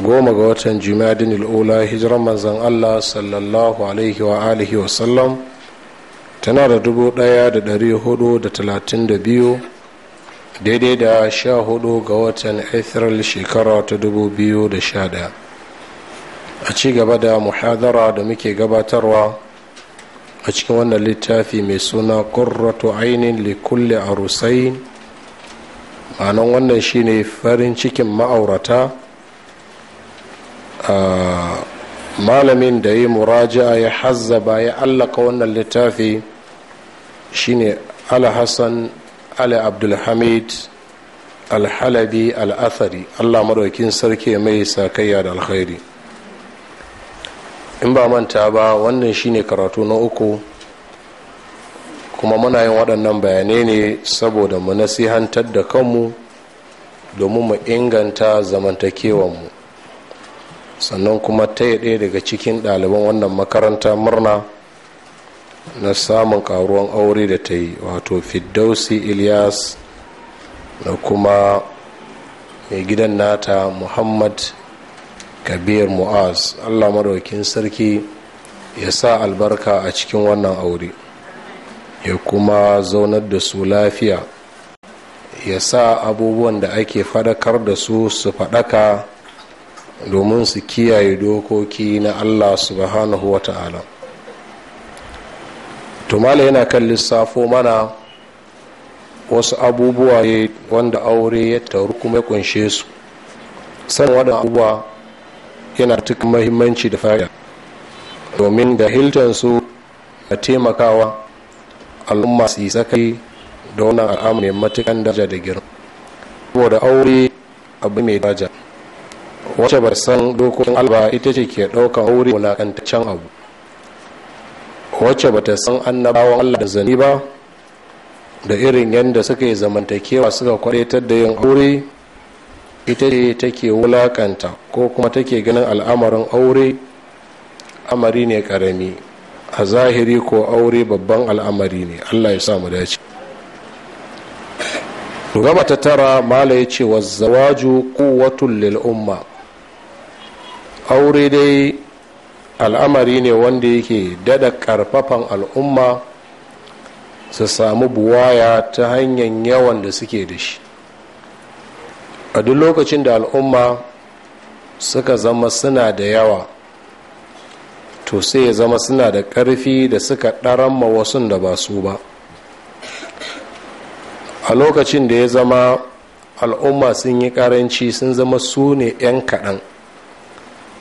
goma ga watan jima'adin al'ula hijiran manzan allah sallallahu alaihi wa alihi wa sallam tana da dubu daya da dari hudu da talatin da biyu daidai da sha hudu ga watan april shekara ta dubu biyu da sha daya a ci gaba da muhadara da muke gabatarwa a cikin wannan littafi mai suna qurratu ainihin likulli a rusai ma'anan wannan shine farin cikin ma'aurata malamin da ya muraja'a ya hazzaba ya allaka wannan littafi shine alhassan ali abdulhamid alhalabi al'athari allah maɗaukin sarki mai sakayya da alkhairi in ba manta ba wannan shine karatu na uku kuma muna yin waɗannan bayanai ne saboda mu nasihantar da kanmu domin mu inganta zamantakewanmu sannan kuma ta ɗaya daga cikin ɗaliban wannan makaranta murna na samun ƙaruwan aure da ta yi wato fiddausi ilyas da kuma mai gidan nata muhammad kabir mu'az allah madaukin sarki ya sa albarka a cikin wannan aure ya kuma zaunar da su lafiya ya sa abubuwan da ake fadakar da su su faɗaka. domin su kiyaye dokoki na allah subhanahu wa ta'ala tumala yana kan lissafo mana wasu abubuwa ne wanda aure ya taru kuma ya kunshe su sanin wadda abubuwa yana cikin mahimmanci da fa'ida domin da su na taimakawa al'umma su yi sakai da wannan al'amari matukan daraja da girma saboda aure abu mai daraja wacce ba san dokokin alba ita ce ke ɗaukan wuri wulakantaccen abu wacce ba ta san annabawan allah da zani ba da irin yadda suka yi zamantakewa suka kwadatar da yin aure ita ce take wulakanta ko kuma take ganin al'amarin aure amari ne karami a zahiri ko aure babban al'amari ne allah ya sa mu dace gaba ta tara mala ya ce wa zawaju kuwatun umma aure dai al'amari ne wanda yake dada karfafan al'umma su samu buwaya ta hanyar yawan da suke da shi a duk lokacin da al'umma suka zama suna da yawa to sai ya zama suna da ƙarfi da suka ɗaramma wasu da ba su ba a lokacin da ya zama al'umma sun yi ƙaranci sun zama su ne 'yan kaɗan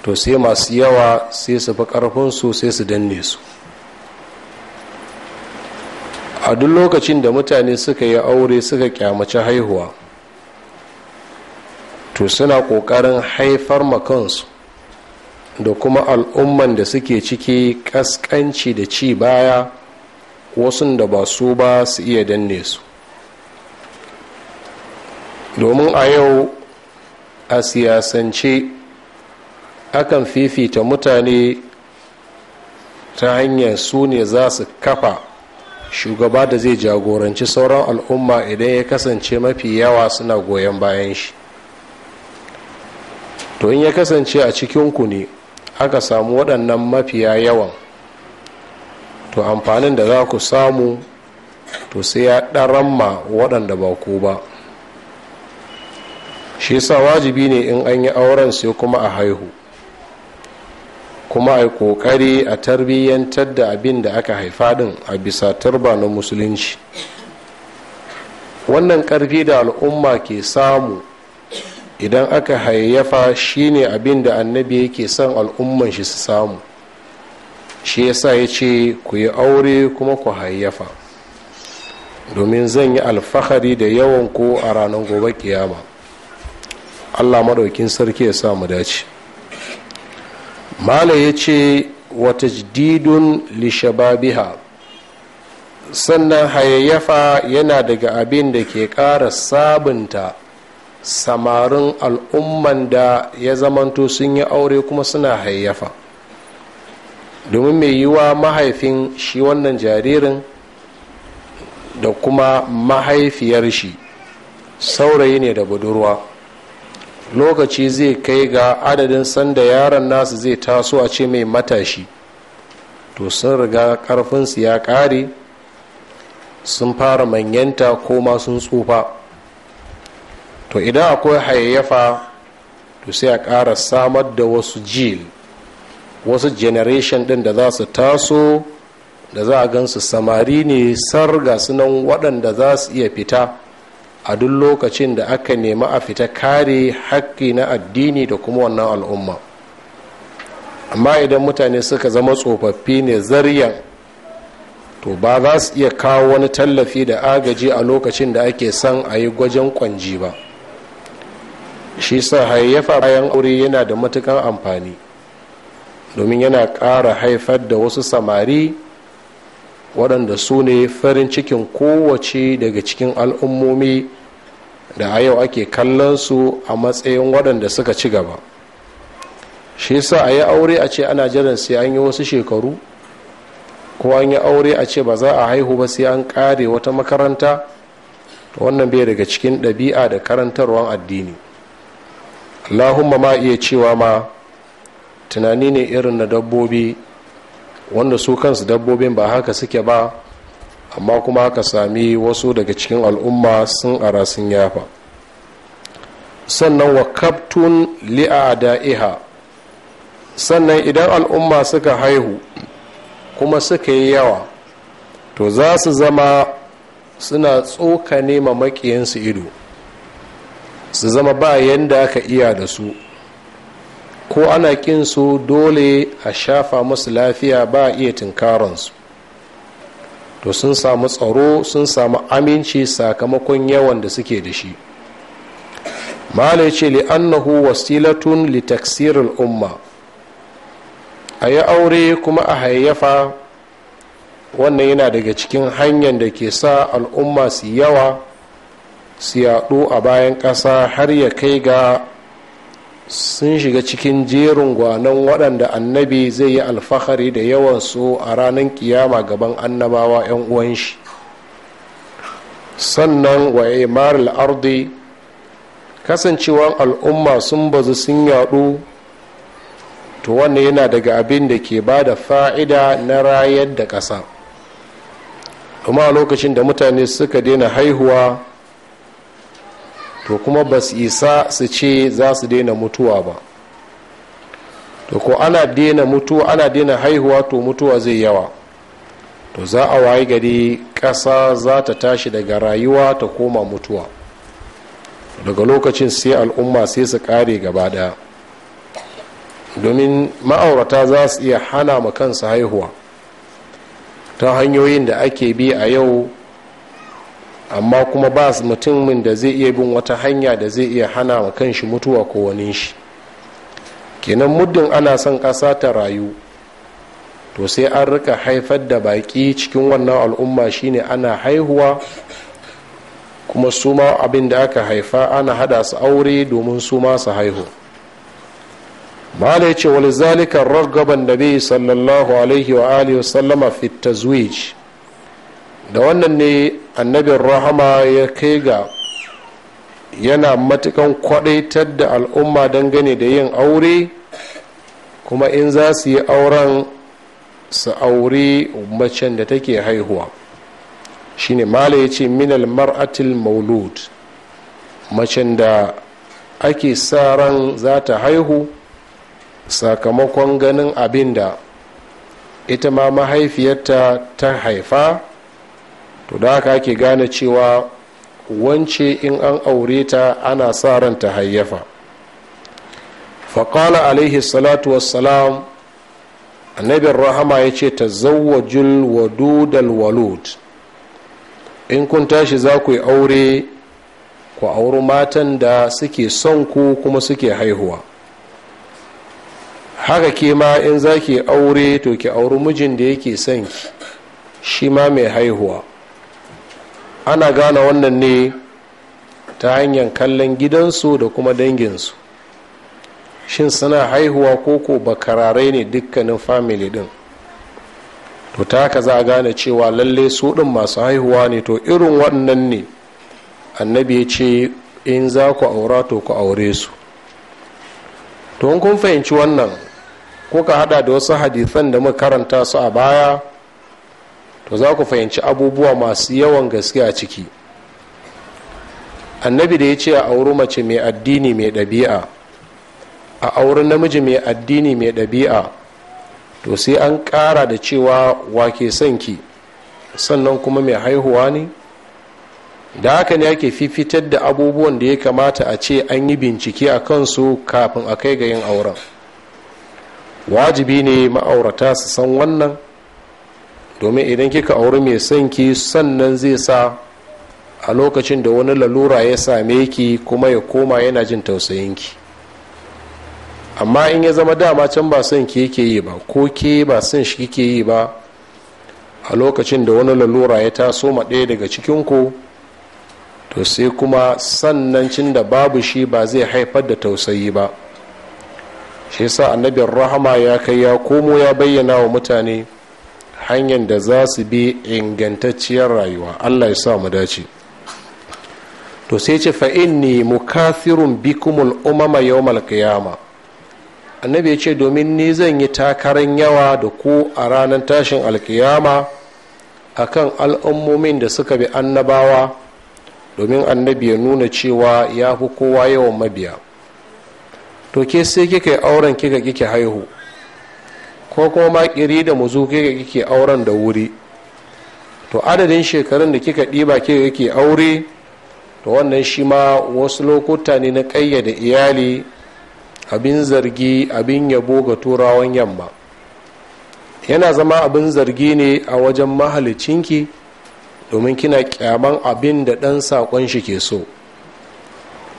to sai masu yawa sai su fi karfinsu sai su danne su a duk lokacin da mutane suka yi aure suka kyamaci haihuwa to suna ƙoƙarin haifar makansu da kuma al'umman da suke ciki ƙasƙanci da ci baya wasu da ba su ba su iya danne su domin a yau a siyasance akan fifita mutane ta hanyar su ne za su kafa shugaba da zai jagoranci sauran al'umma idan ya kasance mafi yawa suna goyon bayan shi to in ya kasance a cikinku ne aka samu waɗannan mafiya yawan to amfanin da za ku samu to sai ya ɗaramma waɗanda ba ku ba shi sa wajibi ne in an yi auren sai kuma a haihu kuma a yi kokari a tarbiyyantar da abin da aka haifa din a bisa turba na musulunci wannan karfi da al'umma ke samu idan aka hayyafa shine abin da annabi yake son al'umman shi su samu shi yasa ya ce ku yi aure kuma ku hayyafa domin zan yi alfahari da yawan ko a ranar gobe kiyama allah maɗaukin sarki ya sa mu dace mala ya ce wata jididun lishababiha sannan hayayyafa yana daga abin da ke ƙara sabunta samarin al'umman da ya zamanto sun yi aure kuma suna hayayyafa domin mai yiwa mahaifin shi wannan jaririn da kuma mahaifiyar shi saurayi ne da budurwa lokaci zai kai ga adadin sanda yaron nasu zai taso a ce mai matashi to sun riga karfinsu ya ƙare sun fara manyanta ko ma sun tsufa to idan akwai hayayyafa to sai a ƙara samar da wasu jil wasu generation din da za su taso da za a gansu samari ne sarga sunan waɗanda za su iya fita a duk lokacin da aka nemi a fita kare haƙƙi na addini da kuma wannan al'umma amma idan mutane suka zama tsofaffi ne zaryan to ba za su iya kawo wani tallafi da agaji a lokacin da ake son a yi gwajin kwanji ba shi sa hayayyafa bayan aure yana da matukan amfani domin yana ƙara haifar da wasu samari waɗanda su ne farin cikin kowace daga cikin al'ummomi da a yau ake kallon su a matsayin waɗanda suka ci gaba shi yasa a yi aure a ce ana jiran sai an yi wasu shekaru ko an yi aure a ce ba za a haihu ba sai an ƙare wata makaranta wannan bai daga cikin ɗabi'a da karantarwar addini allahumma ma iya cewa ma tunani ne irin na dabbobi wanda su kansu dabbobin ba haka suke ba amma kuma haka sami wasu daga cikin al'umma sun ara sun yafa sannan wa kaftun li'ada'iha sannan idan al'umma suka haihu kuma suka yi yawa to za su zama suna tsokane ma makiyansu ido su zama ba yadda aka iya da su ko ana kin su dole a shafa musu lafiya ba a iya tunkaransu to sun samu tsaro sun samu aminci sakamakon yawan da suke da shi mala ce li'annahu wasilatun li taksiril umma a yi aure kuma a hayyafa wannan yana daga cikin hanyar da ke sa al'umma su yawa su yaɗu a bayan ƙasa har ya kai ga sun shiga cikin jerin gwanon waɗanda annabi zai yi alfahari da yawansu a ranar kiyama gaban annabawa 'yan uwan shi sannan wa maril ardi kasancewan al'umma sun bazu sun yaɗu to wannan yana daga abin da ke ba da fa'ida na rayar da ƙasa kuma lokacin da mutane suka daina haihuwa to kuma ba su isa su ce za su daina mutuwa ba to ko ana daina mutuwa ana daina haihuwa to mutuwa zai yawa to za a waye gari ƙasa za ta tashi daga rayuwa ta koma mutuwa daga lokacin sai al'umma sai su kare gaba daya domin ma'aurata za su iya hana ma kansu haihuwa ta hanyoyin da ake bi a yau amma kuma ba mutumin da zai iya bin wata hanya da zai iya hana ma shi mutuwa ko wani shi kenan muddin ana son ƙasa ta rayu to sai an rika haifar da baƙi cikin wannan al'umma shine ana haihuwa kuma su ma abin da aka haifa ana hada su aure domin su ma su haihu malai ya ce wani zalikan ragaban da bai sallallahu alaihi wa alihi wasallama fit tazwij da wannan ne annabin rahama ya kai ga yana matukan kwadaitar da al'umma dangane da yin aure kuma in za su yi auren su aure macen da take haihuwa shine mala ya ce minal mar'atil maulud macen da ake sa ran za ta haihu sakamakon ganin abin da ita ma mahaifiyarta ta haifa to da haka ake gane cewa wance in an aure ta ana sa ran ta hayyafa faƙala alaihi salatu wassalam annabin rahama ya ce ta zawajul wadudal walud in kun tashi za ku yi aure ku auri matan da suke son ku kuma suke haihuwa haka ke ma in za ki aure to ki auri mijin da yake son ki shi ma mai haihuwa ana gane wannan ne ta hanyar kallon gidansu da kuma danginsu shin suna haihuwa ko koko bakararai ne dukkanin famili din to ta haka za a gane cewa lalle su din masu haihuwa ne to irin waɗannan ne annabi ya ce in za ku aura to ku aure su to kun fahimci wannan ko ka hada da wasu hadithan da muka karanta su a baya to za ku fahimci abubuwa masu yawan gaske a ciki annabi da ya ce a auri mace mai addini mai ɗabi'a a auri namiji mai addini mai ɗabi'a to sai an ƙara da cewa wake son ki sannan kuma mai haihuwa ne da haka ne ake fifitar da abubuwan da ya kamata a ce an yi bincike a kansu kafin a kai ga yin auren wajibi ne ma'aurata su san wannan domin idan kika auri mai son ki sannan zai sa a lokacin da wani lalura ya same ki kuma ya koma yana jin tausayin ki amma in ya zama dama can ba son ki yake yi ba ko ke ba son shi kike yi ba a lokacin da wani lalura ya taso ma ɗaya daga cikin ku to sai kuma sannan cin da babu shi ba zai haifar da tausayi ba shi yasa annabin rahama ya kai ya komo ya bayyana wa mutane hanyar da za su bi ingantacciyar rayuwa allah ya sa mu dace to sai ce fa inni mukathirun bikumul umama yawmal qiyama annabi ya ce domin ni zan yi takarar yawa da ku a ranar tashin alkiyama kan al'ummomin da suka bi annabawa domin annabi ya nuna cewa ya fi kowa yawan mabiya to ke sai kika yi auren kika kike haihu ko kuma makiri da muzu kika kike auren da wuri to adadin shekarun da kika ɗiba kika kike aure to wannan shi ma wasu lokuta ne na ƙayyade iyali abin zargi abin yabo ga turawan yamma yana zama abin zargi ne a wajen mahalicinki domin kina kyaman abin da ɗan saƙon shi ke so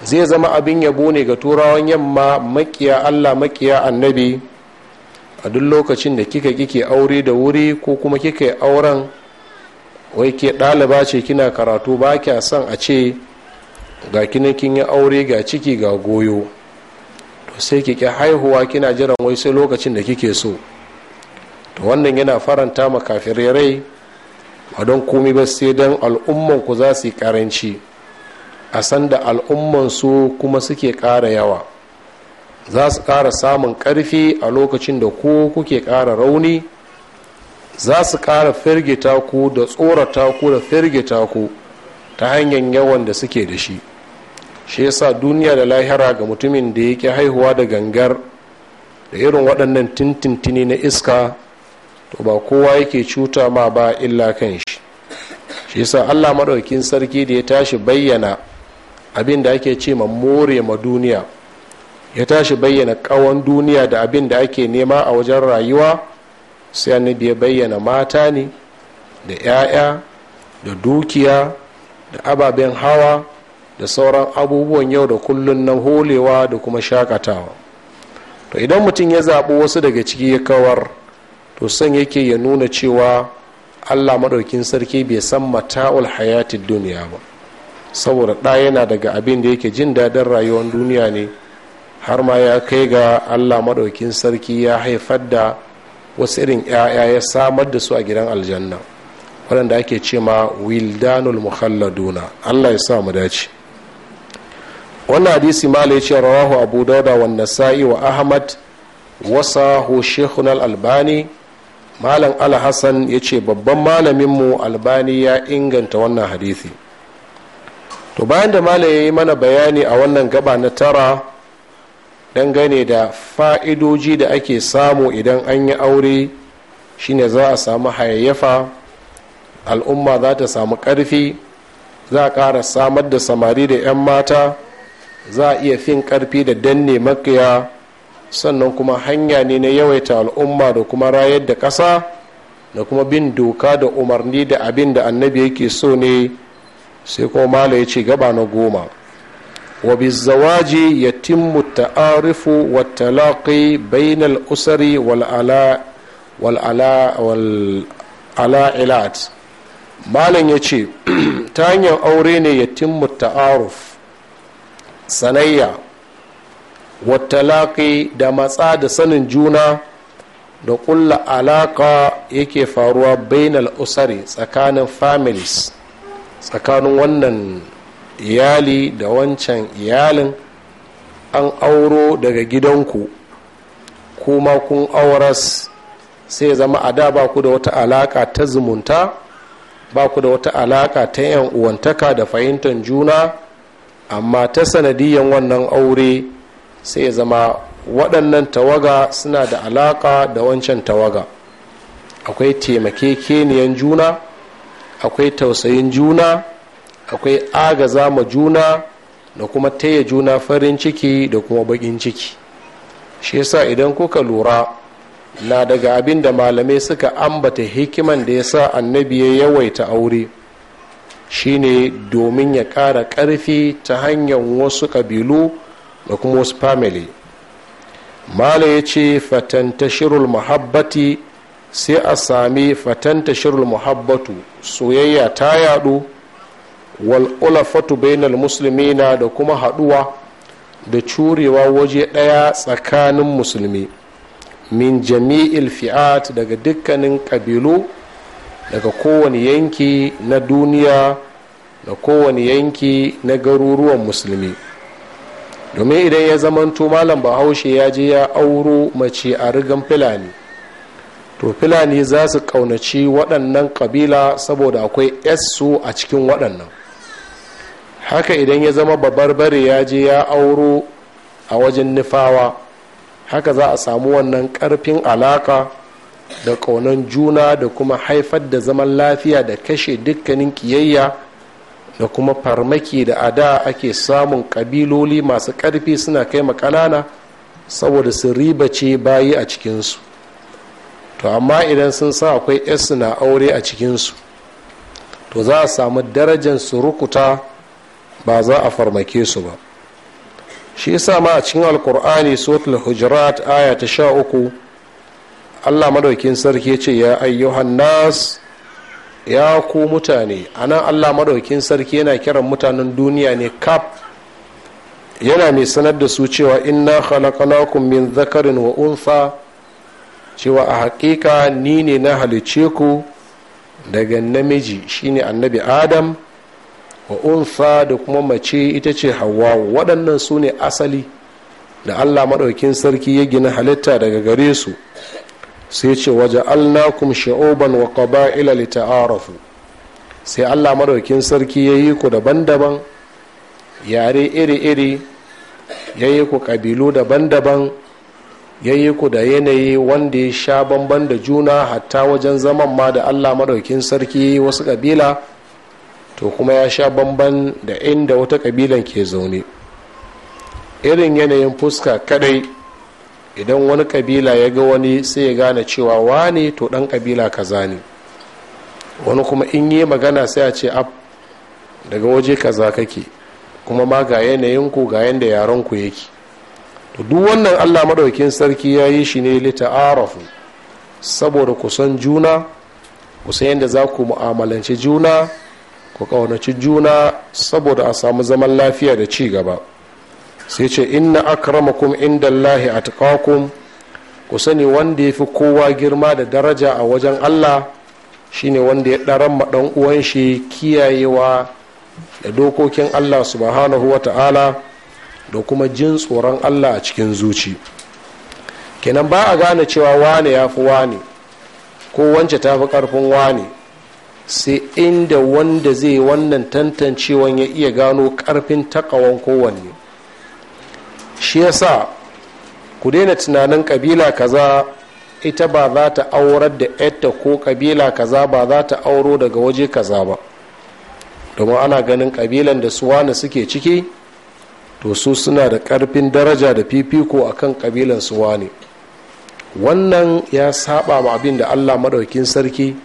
zai zama abin yabo ne ga turawan yamma makiya allah makiya annabi a duk lokacin da kika kike aure da wuri ko kuma kika yi auren wai ke ɗaliba ce kina karatu ba kya son a ce ga kina kin yi aure ga ciki ga goyo to sai ki haihuwa kina jiran wai sai lokacin da kike so to wannan yana faranta ma kafirai ba don komi ba sai don al'umman ku za su yi karanci a sanda al'umman su kuma suke ƙara yawa za su ƙara samun ƙarfi a lokacin da ko kuke ƙara rauni za su ƙara firgita ku da tsorata ku da firgita ku ta hanyar yawan da suke da shi shi yasa duniya da lahira ga mutumin da yake haihuwa da gangar da irin waɗannan tintintini na iska to ba kowa yake cuta ma ba illa kan shi shi yasa allah maɗaukin sarki da ya tashi bayyana abin da ake ce ma more ma duniya ya tashi bayyana kawon duniya da abin da ake nema a wajen rayuwa sai annabi ya bayyana mata ne da 'ya'ya da dukiya da ababen hawa da sauran abubuwan yau da kullun na holewa da kuma shakatawa to idan mutum ya zaɓi wasu daga ciki ya kawar to son yake ya nuna cewa allah maɗaukin sarki bai san mata'ul hayatin duniya ba saboda ɗaya yana daga abin da yake jin daɗin rayuwar duniya ne har ma ya kai ga allah maɗaukin sarki ya haifar da wasu irin 'ya'ya ya samar da su a gidan aljanna waɗanda ake ce ma wildanul muhalladuna allah ya sa mu dace wannan hadisi mala ya ce rawahu abu dauda wa nasa'i wa ahmad wasahu shehun albani malam alhassan ya ce babban malaminmu albani ya inganta wannan hadisi to bayan da mala ya yi mana bayani a wannan gaba na tara dangane da fa'idoji da ake samu idan an yi aure shine za a samu hayayyafa al'umma za ta samu ƙarfi za a ƙara samar da samari da 'yan mata za a iya fin ƙarfi da danne makiya sannan kuma hanya ne na yawaita al'umma da kuma rayar da ƙasa da kuma bin doka da umarni da abin da annabi yake so ne sai kuma mala ya ce gaba na goma wa bizawaji ya timmu التعارف والتلاقي بين الأسر والعلاء والعلاء والعلاء malam ya ce ta hanyar aure ne ya timmu ta'aruf sanayya watalaƙi da matsa da sanin juna da ƙulla alaƙa yake faruwa bainal usari tsakanin families tsakanin wannan iyali da wancan iyalin an auro daga gidanku kuma kun auras sai zama a da ba ku da wata alaka ta zumunta ba ku da wata alaka ta yan uwantaka da fahimtar juna amma ta sanadiyan wannan aure sai zama waɗannan tawaga suna da alaka da wancan tawaga akwai taimakekeniyan juna akwai tausayin juna akwai agaza ma juna da kuma taya juna farin ciki da kuma baƙin ciki shi yasa idan kuka lura na daga abin da malamai suka ambata hikiman da ya sa annabi ya yawaita aure shine domin ya ƙara ƙarfi ta hanyar wasu ƙabilu da kuma wasu family mala ya ce fatanta shirul muhabbati sai a sami fatanta shirul muhabbatu soyayya ta yaɗu wal ulafatu musulmi na da kuma haɗuwa da curewa waje ɗaya tsakanin musulmi min jami'il fi'at daga dukkanin kabilu daga kowane yanki na duniya da kowane yanki na garuruwan musulmi domin idan ya zamanto malam bahaushe ya je ya auro mace a rigan Filani, to Filani za su kaunaci waɗannan ƙabila saboda akwai su a cikin waɗannan haka idan ya zama babbar babarbare ya je ya auro a wajen nufawa haka za a samu wannan karfin alaka da ƙaunan juna da kuma haifar da zaman lafiya da kashe dukkanin kiyayya da kuma farmaki da ada ake samun ƙabiloli masu ƙarfi suna kai ƙanana saboda su ribace bayi a cikinsu to amma idan sun sa akwai 'yarsu na aure a cikinsu to za a samu darajar su rukuta ba za a farmake su ba shi yasa ma a cikin alkur'ani suratul hujurat aya ta sha uku allah madaukin sarki ya ce ya ayyuhan nas ya ku mutane anan allah madaukin sarki yana kiran mutanen duniya ne kaf yana mai sanar da su cewa inna khalaqnakum min zakarin wa untha cewa a haƙiƙa ni ne na halice ku daga namiji shine annabi adam wa unsa da kuma mace ita ce hawa waɗannan su ne asali da allah maɗaukin sarki ya gina halitta daga gare su sai ce waje alnakum sha'oban wa qaba'ila li ta'arafu sai allah maɗaukin sarki ya yi ku daban-daban yare iri-iri ya yi ku ƙabilu daban-daban ya yi ku da yanayi wanda ya sha bamban da juna hatta wajen zaman ma da allah maɗaukin sarki wasu ƙabila to kuma ya sha bamban da inda wata kabila ke zaune irin yanayin fuska kadai idan wani kabila ya ga wani sai ya gane cewa wane to dan kabila kaza ne wani kuma in yi magana sai a ce ab daga waje kaza kake kuma ma ga yanayin ku ga yanda yaron ku yake to duk wannan Allah madaukin sarki ya yi shi ne lita'arafu saboda kusan juna kusan yadda za ku mu'amalanci juna ku ƙaunaci juna saboda a samu zaman lafiya da ci gaba sai ce inna akramakum indallahi atqakum ku sani wanda ya fi kowa girma da daraja a wajen allah shine wanda ya ɗaran maɗan uwan shi kiyayewa da dokokin allah subhanahu wa ta'ala da kuma jin tsoron allah a cikin zuci kenan ba a gane cewa wane ya fi wane ko wance ta fi ƙarfin wane sai inda wanda zai wannan tantancewan ya iya gano karfin takawan kowanne shi yasa ku daina tunanin kabila kaza ita ba za ta aurar da yadda ko kabila kaza ba za ta auro daga waje kaza ba domin ana ganin kabilan da su wani suke ciki to su suna da karfin daraja da fifiko akan kabilan su wani wannan ya saba ma abin da allah maɗaukin sarki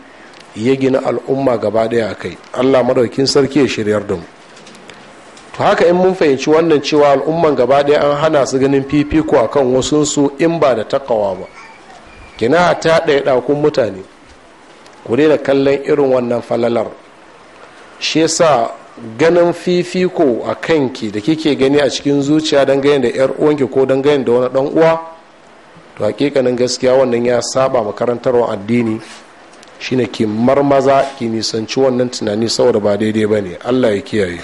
ya gina al'umma gaba daya a kai allah madaukin sarki ya shiryar da mu to haka in mun fahimci wannan cewa al'umman gaba daya an hana su ganin fifiko a kan wasunsu in ba da takawa ba kina ta ɗaya ɗakun mutane ku daina kallon irin wannan falalar shi yasa ganin fifiko a kanki da kike gani a cikin zuciya don ganin da yar uwanki ko don ganin da wani dan uwa to hakikanin gaskiya wannan ya saba makarantarwar addini shine ki marmaza ki nisanci wannan tunani saboda ba daidai ba ne allah ya kiyaye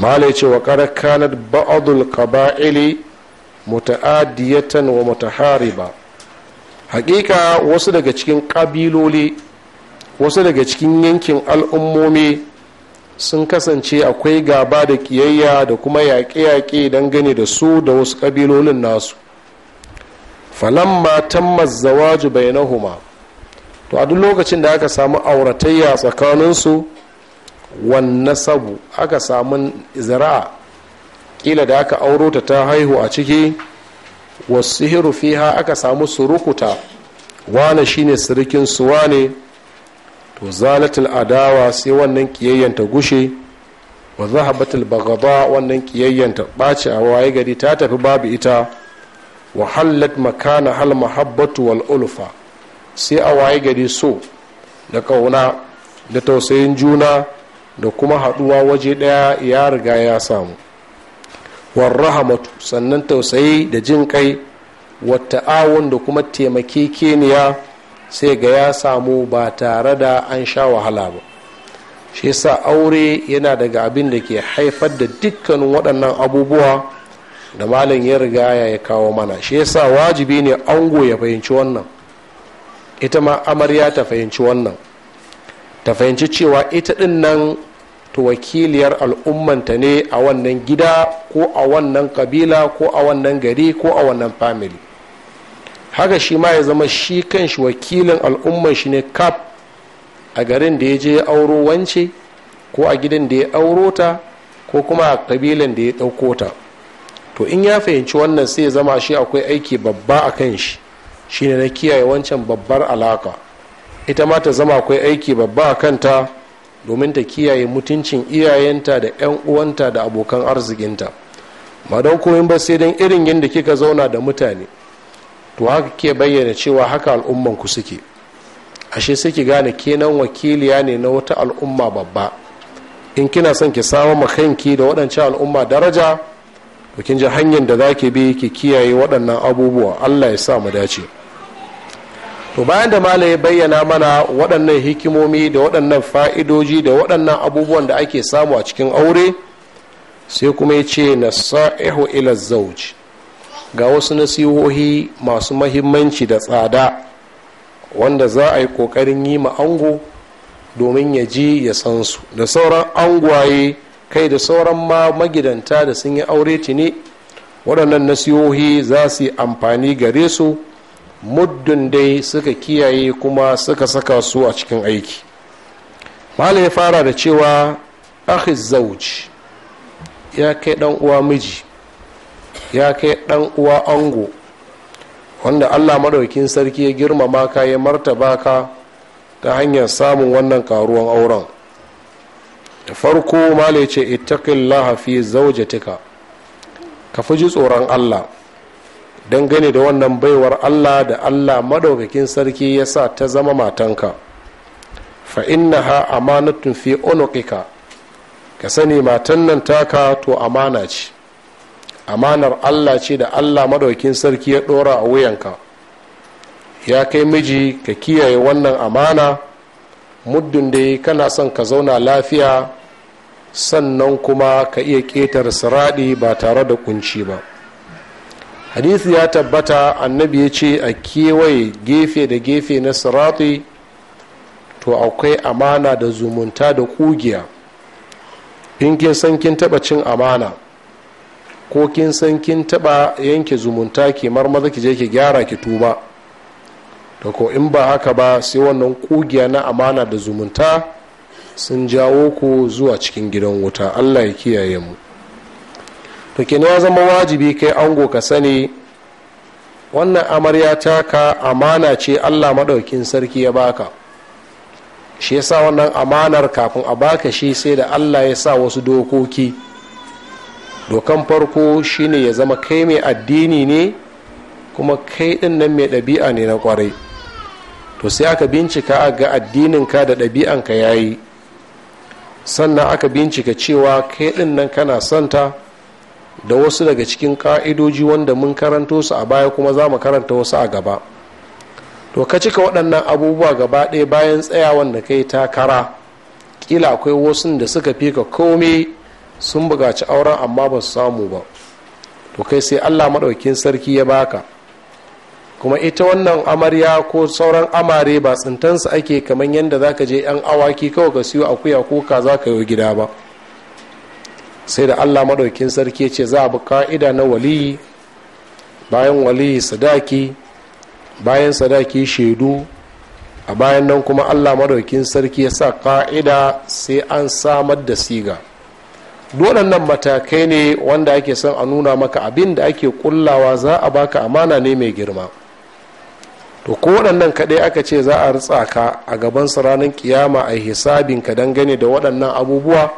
malai ce wa ƙarar kanar ba'adul kaba'ili muta'adiyatan wa mutahariba hakika wasu daga cikin ƙabiloli wasu daga cikin yankin al'ummomi sun kasance akwai gaba da ƙiyayya da kuma yaƙe-yaƙe dangane da su da wasu ƙabilolin nasu falamma tamma zawaju bainahuma to a duk lokacin da aka samu auratayya tsakaninsu wanne sabu aka samu zira'a kila da aka auro ta ta haihu a ciki wasu hiru fiha aka samu surukuta wane shine surukin suwa ne to zalatul adawa sai wannan kiyayyen ta gushe wa zahabatul bagaba wannan kiyayyen ta ɓaci a waye gari ta tafi babu ita wa hallat makana hal mahabbatu wal ulfa sai a waye gari so da kauna da tausayin juna da kuma haɗuwa waje ɗaya ya riga ya samu warrahamatu sannan tausayi da jin kai wata awon da kuma taimake keniya sai ga ya samu ba tare da an sha wahala ba shi sa aure yana daga abin da ke haifar da dukkanin waɗannan abubuwa da malam ya riga ya kawo mana shi sa wajibi ne ango ya fahimci wannan ita ma amarya ta fahimci wannan ta fahimci cewa ita din nan to wakiliyar al'ummanta ne a wannan gida ko a wannan kabila ko a wannan gari ko a wannan family haka shi ma ya zama shi kanshi wakilin al'umman shi ne kaf a garin da ya je auro wance ko a gidan da ya auro ta ko kuma a kabilan da ya ɗauko ta to in ya fahimci wannan sai ya zama shi akwai aiki babba a kan shi shine na kiyaye wancan babbar alaka ita ma ta zama akwai aiki babba a kanta domin ta kiyaye mutuncin iyayenta da 'yan uwanta da abokan arzikinta ba don koyin ba sai don irin yadda kika zauna da mutane to haka ke bayyana cewa haka ku suke ashe sai ki gane kenan wakiliya ne na wata al'umma babba in kina son ki samu makanki da waɗancan al'umma daraja kin ji hanyar da za ki bi ki kiyaye waɗannan abubuwa allah ya sa mu dace to bayan da malam ya bayyana mana waɗannan hikimomi da waɗannan fa'idoji da waɗannan abubuwan da ake samu a cikin aure sai kuma ya ce na nasa'ihu ila zauj ga wasu nasihohi masu mahimmanci da tsada wanda za a yi ƙoƙarin yi ma ango domin ya ji ya san su da sauran angwaye kai da sauran ma magidanta da sun yi aure ne waɗannan nasihohi za su yi amfani gare su muddin dai suka kiyaye kuma suka saka su a cikin aiki malam ya fara da cewa ahis zauj ya kai dan uwa miji ya kai dan uwa ango wanda allah maɗaukin sarki ya girmama ka ya martaba ka ta hanyar samun wannan karuwan auren da farko malai ce ce lahafi fi zaujatika. ka fi ji tsoron Allah dangane da wannan baiwar Allah da Allah madaukakin sarki ya sa ta zama matanka fa inna ha amanatun fi unuqika ka sani matan nan taka to amana ce amanar Allah ce da Allah madaukakin sarki ya dora a wuyanka ya kai miji ka kiyaye wannan amana muddin dai kana son ka zauna lafiya sannan kuma ka iya ƙetar siraɗi ba tare da kunci ba hadisi ya tabbata annabi ya ce a kewaye gefe da gefe na siraɗi to akwai amana da zumunta da ƙugiya in kin san kin taɓa cin amana ko kin san kin taɓa yanke zumunta kimar marmaza ki je ki gyara ki tuba da ko in ba haka ba sai wannan ƙugiya na amana da zumunta sun jawo ku zuwa cikin gidan wuta allah ya kiyaye mu to kenan ya zama wajibi kai ango ka sani wannan amarya ta ka amana ce allah maɗaukin sarki ya baka shi ya sa wannan amanar kafin a baka shi sai da allah ya sa wasu dokoki dokan farko shine ya zama kai mai addini ne kuma kai ɗin nan mai ɗabi'a ne na kwarai to sai aka bincika ga addinin ka da ɗabi'anka ya yi sannan aka bincika cewa kai din nan kana santa da wasu daga cikin ƙa'idoji wanda mun karanto su a baya kuma za mu karanta wasu a gaba to ka cika waɗannan abubuwa gaba ɗaya bayan tsayawan da kai takara kila akwai wasu da suka fi ka komai sun bugaci auren amma ba su samu ba to kai sai allah maɗaukin sarki ya baka kuma ita wannan amarya ko sauran amare ba tsintansa ake kamar yadda za ka je yan awaki kawai ka siyo akuya ko kaza ka yi gida ba sai da allah maɗaukin sarki ce za a bi ka'ida na waliyi bayan waliyi sadaki bayan sadaki shaidu a bayan nan kuma allah maɗaukin sarki ya sa ka'ida sai an samar da siga waɗannan matakai ne wanda ake son a nuna maka abin da ake kullawa za a baka amana ne mai girma to ko waɗannan kaɗai aka ce za a ritsa ka a gaban su ranar kiyama a hisabin ka dangane da waɗannan abubuwa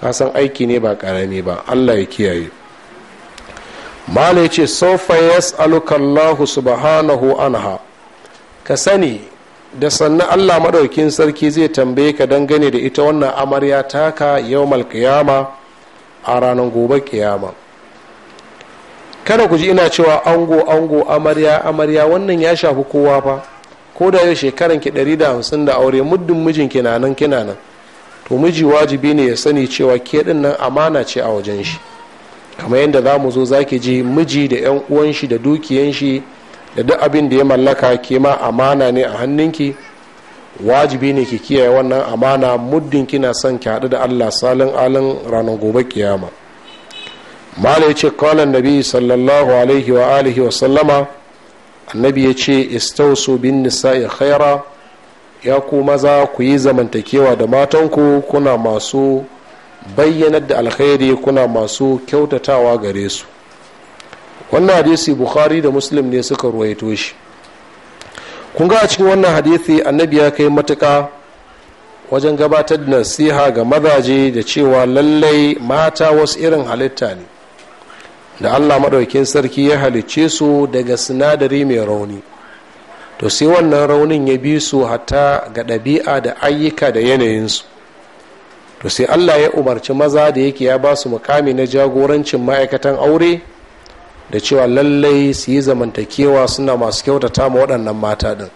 ka san aiki ne ba ƙarami ba allah ya kiyaye malai ce sofa yas'alukallahu subhanahu anha ka sani da sannan allah maɗaukin sarki zai tambaye ka dangane da ita wannan amarya taka yau malkiyama a ranar gobe kiyama kada ku ji ina cewa ango ango amarya amarya wannan ya shafi kowa fa ko da yau shekaran ki ɗari da hamsin da aure muddin mijin ki na nan kina nan to miji wajibi ne ya sani cewa ke din nan amana ce a wajen shi kamar yadda za mu zo zaki ji miji da yan uwan shi da dukiyan shi da duk abin da ya mallaka ke ma amana ne a hannunki wajibi ne ki kiyaye wannan amana muddin kina son ki haɗu da allah salin alin ranar gobe kiyama mala ya ce kawalan nabi sallallahu alaihi wa alihi wa sallama annabi ya ce istausu bin nisa'i khaira ya ku maza ku yi zamantakewa da matanku kuna masu bayyanar da alkhairi kuna masu kyautatawa gare su wannan hadisi bukhari da muslim ne suka ruwaito shi kun ga a cikin wannan hadisi annabi ya kai matuka wajen gabatar da nasiha ga mazaje da cewa lallai mata wasu irin halitta ne da allah maɗaukin sarki ya halicce su daga sinadari mai rauni to sai wannan raunin ya bi su hatta ga ɗabi'a da ayyuka da yanayinsu to sai allah ya umarci maza da yake ya ba su mukami na jagorancin ma'aikatan aure da cewa lallai su yi zamantakewa suna masu kyautata ma waɗannan mata ɗin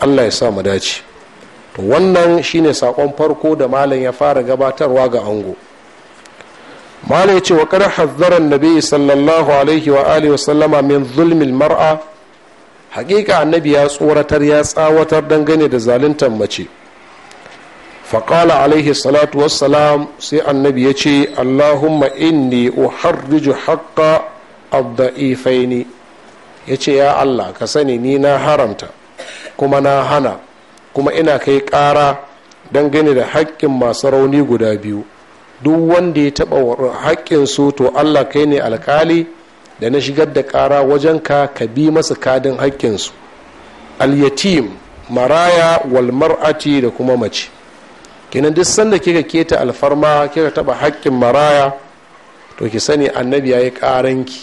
allah ya sa mu dace to wannan shine saƙon farko da malam ya fara gabatarwa ga ango mala ya ce wa kar hazzaran nabi sallallahu alaihi wa alihi sallama min zulmin mar'a hakika annabi ya tsoratar ya tsawatar dangane da zaluntar mace faƙala alaihi salatu wassalam sai annabi ya ce allahumma inni uharriju haqqa adda'ifaini ya ce ya allah ka sani ni na haramta kuma na hana kuma ina kai ƙara dangane da haƙƙin masu rauni guda biyu duk wanda ya taɓa haƙƙin su to allah kai ne alkali da na shigar da ƙara wajen ka ka bi masa kadin haƙƙin su alyatim maraya wal mar'ati da kuma mace kenan duk sanda kika keta alfarma kika taɓa haƙƙin maraya to ki sani annabi ya yi ƙaranki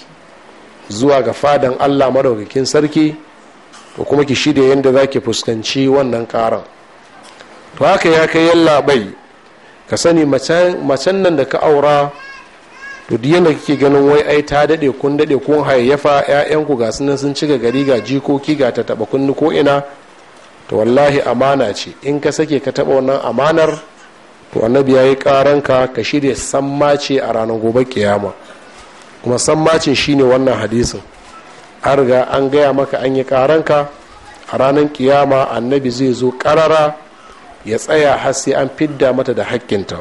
zuwa ga fadan allah madaukakin sarki to kuma ki shirya yadda za ki fuskanci wannan ƙaran to haka ya kai yallaɓai ka sani macen nan da ka aura to duk yadda kake ganin wai ai ta daɗe kun daɗe kun hayayyafa 'ya'yanku ga sunan sun cika gari ga jikoki ga ta taba kunni ko ina to wallahi amana ce in ka sake ka taba wannan amanar to annabi ya yi ƙaranka ka shirya sammace a ranar gobe kiyama kuma sammace shine wannan hadisin an an gaya maka an yi ƙaranka a ranar kiyama annabi zai zo ƙarara ya tsaya har sai an fidda mata da haƙƙinta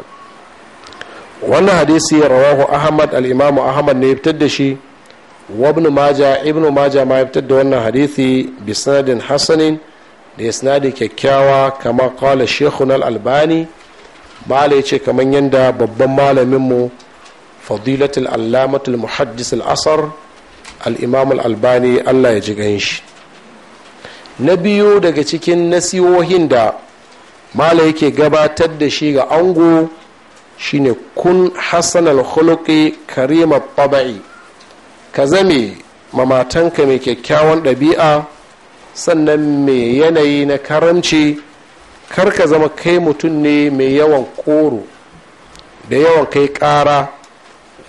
wannan hadisi ya rawahu ahmad al-imamu ahmad ne fitar da shi wa ibn maja ibn maja ma ya fitar da wannan hadisi bi sanadin hasanin da isnadi kyakkyawa kama kala shekun al-albani mala ce kamar yadda babban malaminmu fadilatul allamatul muhaddis al-asar al albani allah ya ji ganshi na biyu daga cikin nasihohin da mala yake gabatar da shi ga ango shine kun hassan alhuluki karima taba'i ka zame mamatanka mai kyakkyawan ɗabi'a sannan mai yanayi na karamci kar ka zama kai mutum ne mai yawan koro da yawan kai ƙara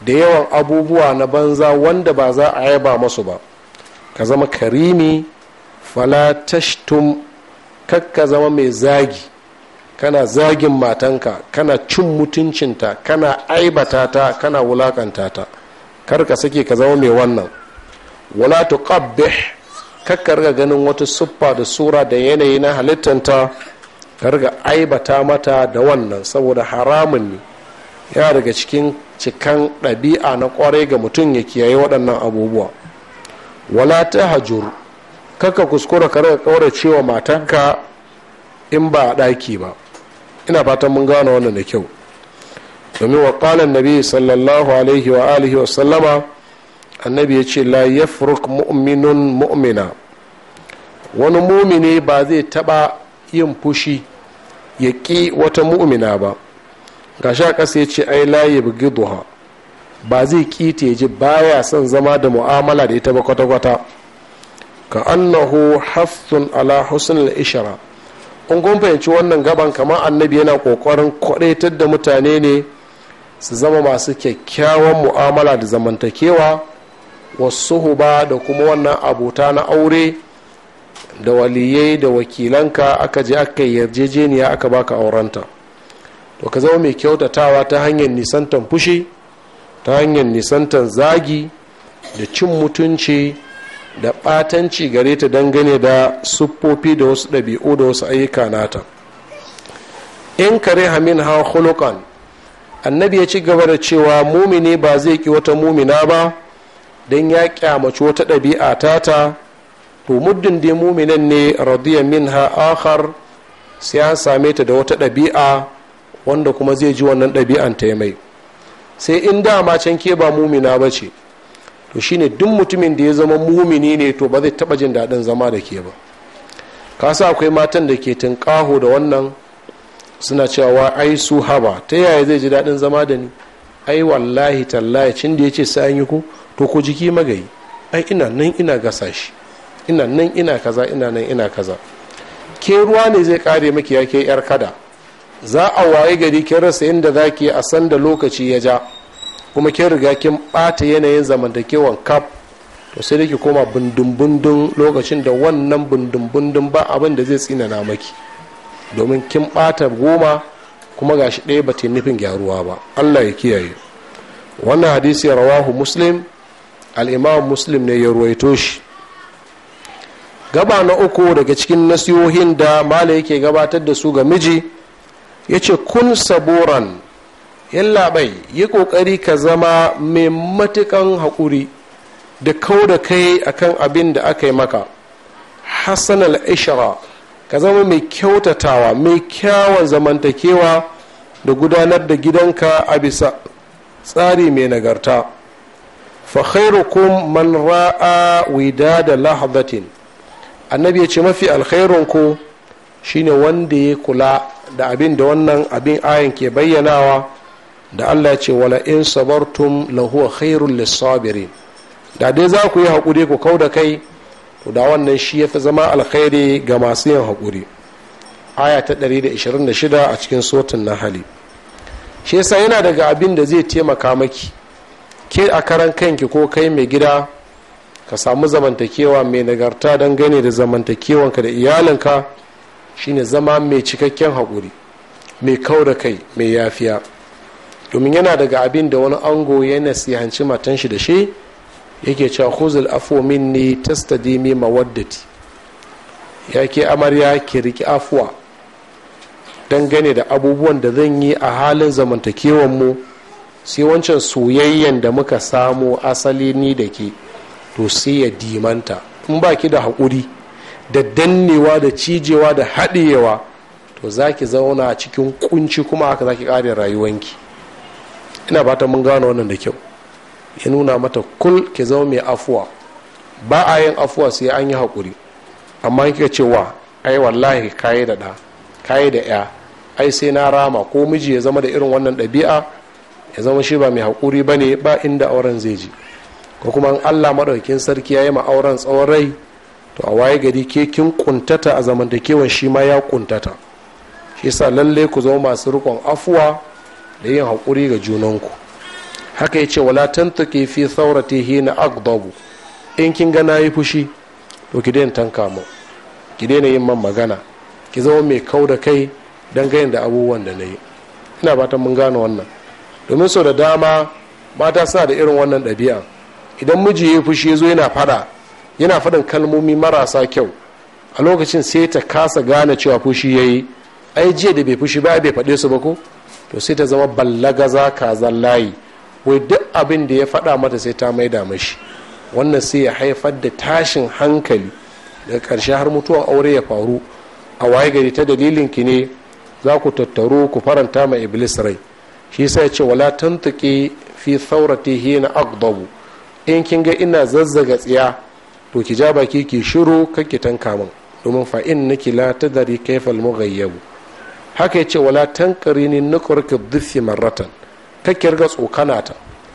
da yawan abubuwa na banza wanda ba za a yaba masu ba ka zama karimi fala kar ka zama mai zagi kana zagin matanka kana cin mutuncinta kana aibata ta kana wulakanta ta kar ka sake ka zama mai wannan wala tuqabbih kakkar ga ganin wata siffa da sura da yanayi na halittanta ka aibata mata da wannan saboda haramun ne yana daga cikin cikan ɗabi'a na kwarai ga mutum ya kiyaye waɗannan abubuwa wala ta hajur kaka kuskura ka riga cewa matanka in ba a ɗaki ba ina fatan mun gane wannan da kyau domin wa qala nabi sallallahu alaihi wa alihi wa sallama annabi ya ce la yafruk mu'minun mu'mina wani mumini ba zai taba yin fushi ya ki wata mu'mina ba ga sha ƙasa ya ce ai la yabghiduha ba zai ki ta ji baya son zama da mu'amala da ita ba kwata-kwata ka annahu hafsun ala husnul ishara kun kun fahimci wannan gaban kamar annabi yana kokarin kwadaitar da mutane ne su zama masu kyakkyawan mu'amala da zamantakewa wasu huba da kuma wannan abota na aure da waliyai da wakilanka aka je aka yarjejeniya aka baka aurenta to ka zama mai kyautatawa ta hanyar nisantan fushi ta hanyar nisantan zagi da cin mutunci da ɓatanci gare ta dangane da siffofi da wasu ɗabi'u da wasu ayyuka nata in kare hamin ha hulukan annabi ya ci gaba da cewa mumini ba zai ki wata mumina ba don ya kyamaci wata ɗabi'a ta ta to muddin dai muminan ne radiya min ha akhar sai an same ta da wata ɗabi'a wanda kuma zai ji wannan ɗabi'an ta mai sai in dama can ke ba mumina ba ce to shine duk mutumin da ya zama mumini ne to ba zai taba jin daɗin zama da ke ba ka sa akwai matan da ke tunƙaho da wannan suna cewa ai su haba ta yaya zai ji daɗin zama da ni ai wallahi tallahi cin da ya ce sai an yi ku to ko jiki magayi ai ina nan ina gasa shi ina nan ina kaza ina nan ina kaza ke ruwa ne zai kare maki ya ke yar kada za a waye gari kin rasa inda zaki a san da lokaci ya ja kuma kin riga kin ɓata yanayin zamantakewan kaf to sai da ki koma bindin lokacin da wannan bindin ba abin da zai tsinana maki domin kin ɓata goma kuma gashi ɗaya ba ta nufin gyaruwa ba allah ya kiyaye wannan hadisi rawahu muslim al'imam muslim ne ya ruwaito shi gaba na uku daga cikin nasihohin da mala yake gabatar da su ga miji ya ce kun saboran yallaɓai yi ƙoƙari ka zama mai matukan haƙuri da kau da kai akan abin da aka yi maka hassan al'ishara ka zama mai kyautatawa mai kyawun zamantakewa da gudanar da gidanka a bisa tsari mai nagarta fa man ra'a wida da lahabatin annabi ya ce mafi ku shine wanda ya kula da abin da wannan abin ayin ke bayyanawa da Allah ya ce wala in sabartum huwa khairul lissabirin da dai za ku yi haƙuri ku kau da kai to da wannan shi ya fi zama alkhairi ga masu yin haƙuri aya ta 126 a cikin sotin hali shi yasa yana daga abin da zai taimaka maki ke a karan kanki ko kai mai gida ka samu zamantakewa mai nagarta don gane da zamantakewanka da iyalinka shine zama mai cikakken haƙuri mai kau da kai mai yafiya domin yana daga abin da wani ango ya nasihanci matan shi da shi yake cewa khuzul afwa minni tastadimi mawaddati ya ke amarya ki riki afuwa dangane da abubuwan da zan yi a halin zamantakewan mu sai wancan soyayyen da muka samu asali ni da ke to sai ya dimanta in ba ki da haƙuri da dannewa da cijewa da haɗewa to za ki zauna cikin kunci kuma haka za ki ƙare rayuwanki ina fatan mun gano wannan da kyau ya nuna mata kul ki zama mai afuwa ba a yin afuwa sai an yi haƙuri amma kika cewa ai wallahi kayi da ɗa kayi da ya ai sai na rama ko miji ya zama da irin wannan ɗabi'a ya zama shi ba mai haƙuri ba ne ba inda auren zai ji ko kuma an allah maɗaukin sarki ya yi ma auren tsawon rai to a waye gari ke kin kuntata a zamantakewan shi ma ya kuntata shi sa lallai ku zama masu rikon afuwa da yin haƙuri ga junanku haka ya ce wala ke fi saurati hina agdabu in kin ga na yi fushi to ki daina tanka mu ki daina yin man magana ki zama mai kau da kai don gayin da abubuwan da na yi ina fatan mun gane wannan domin sau da dama mata suna da irin wannan ɗabi'a idan miji ya fushi ya zo yana fada yana faɗin kalmomi marasa kyau a lokacin sai ta kasa gane cewa fushi ya yi ai jiya da bai fushi ba bai faɗe su ba ko to sai ta zama za kazan layi wai duk abin da ya faɗa mata sai ta maida mashi wannan sai ya haifar da tashin hankali daga ƙarshe har mutuwan aure ya faru a waye gari ta dalilin ki ne za ku tattaru ku faranta ma iblis rai shi sai ce wala tantuki fi saurati hina aqdabu in kin ga ina zazzaga tsiya to ki ja baki ki shiru kake tanka min domin fa in niki la tadari kayfa al haka ya ce wala tankarini nukurka dhifi marratan kake riga tsokana ta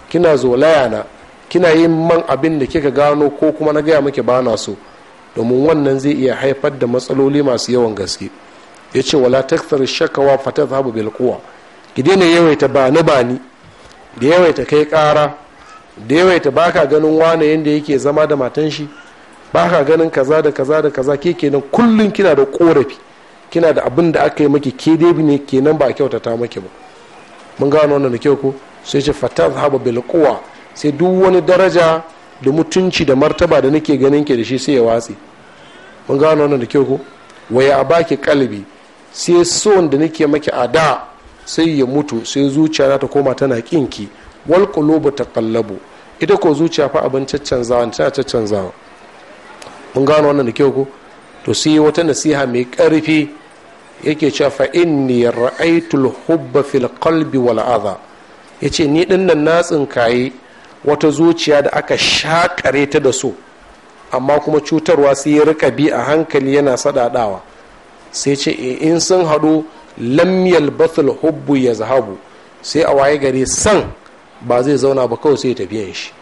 kina zolaya na kina yin man abin da kika gano ko kuma na gaya miki bana so domin wannan zai iya haifar da matsaloli masu yawan gaske ya ce wala taktar shakawa fata zahabu bil quwa ki daina yawaita bani bani da yawaita kai kara da yawaita baka ganin wane yadda yake zama da matan shi baka ganin kaza da kaza da kaza ke kenan kullum kina da korafi kina da abin da aka yi maki ke debi ne kenan ba a kyautata maki ba mun gano wannan da kyau ko sai ce fatan haba bilkuwa sai duk wani daraja da mutunci da martaba da nake ganin ke da shi sai ya watse mun gano wannan da kyau ko waya a baki kalbi sai son da nake maki a da sai ya mutu sai zuciya ta koma tana kinki wal qulubu taqallabu ita ko zuciya fa abin caccanzawa tana caccanzawa mun gano wannan da kyau ko to sai wata nasiha mai karfi yake cewa fa inni ra'aytul hubba fil qalbi wal adha yace ni din nan na tsinkaye wata zuciya da aka shakare ta da so amma kuma cutarwa sai ya rika bi a hankali yana sadadawa sai ce eh, in sun haɗu lam yalbathul hubbu yazhabu sai a waye gare san ba zai zauna ba kawai sai ya tafi shi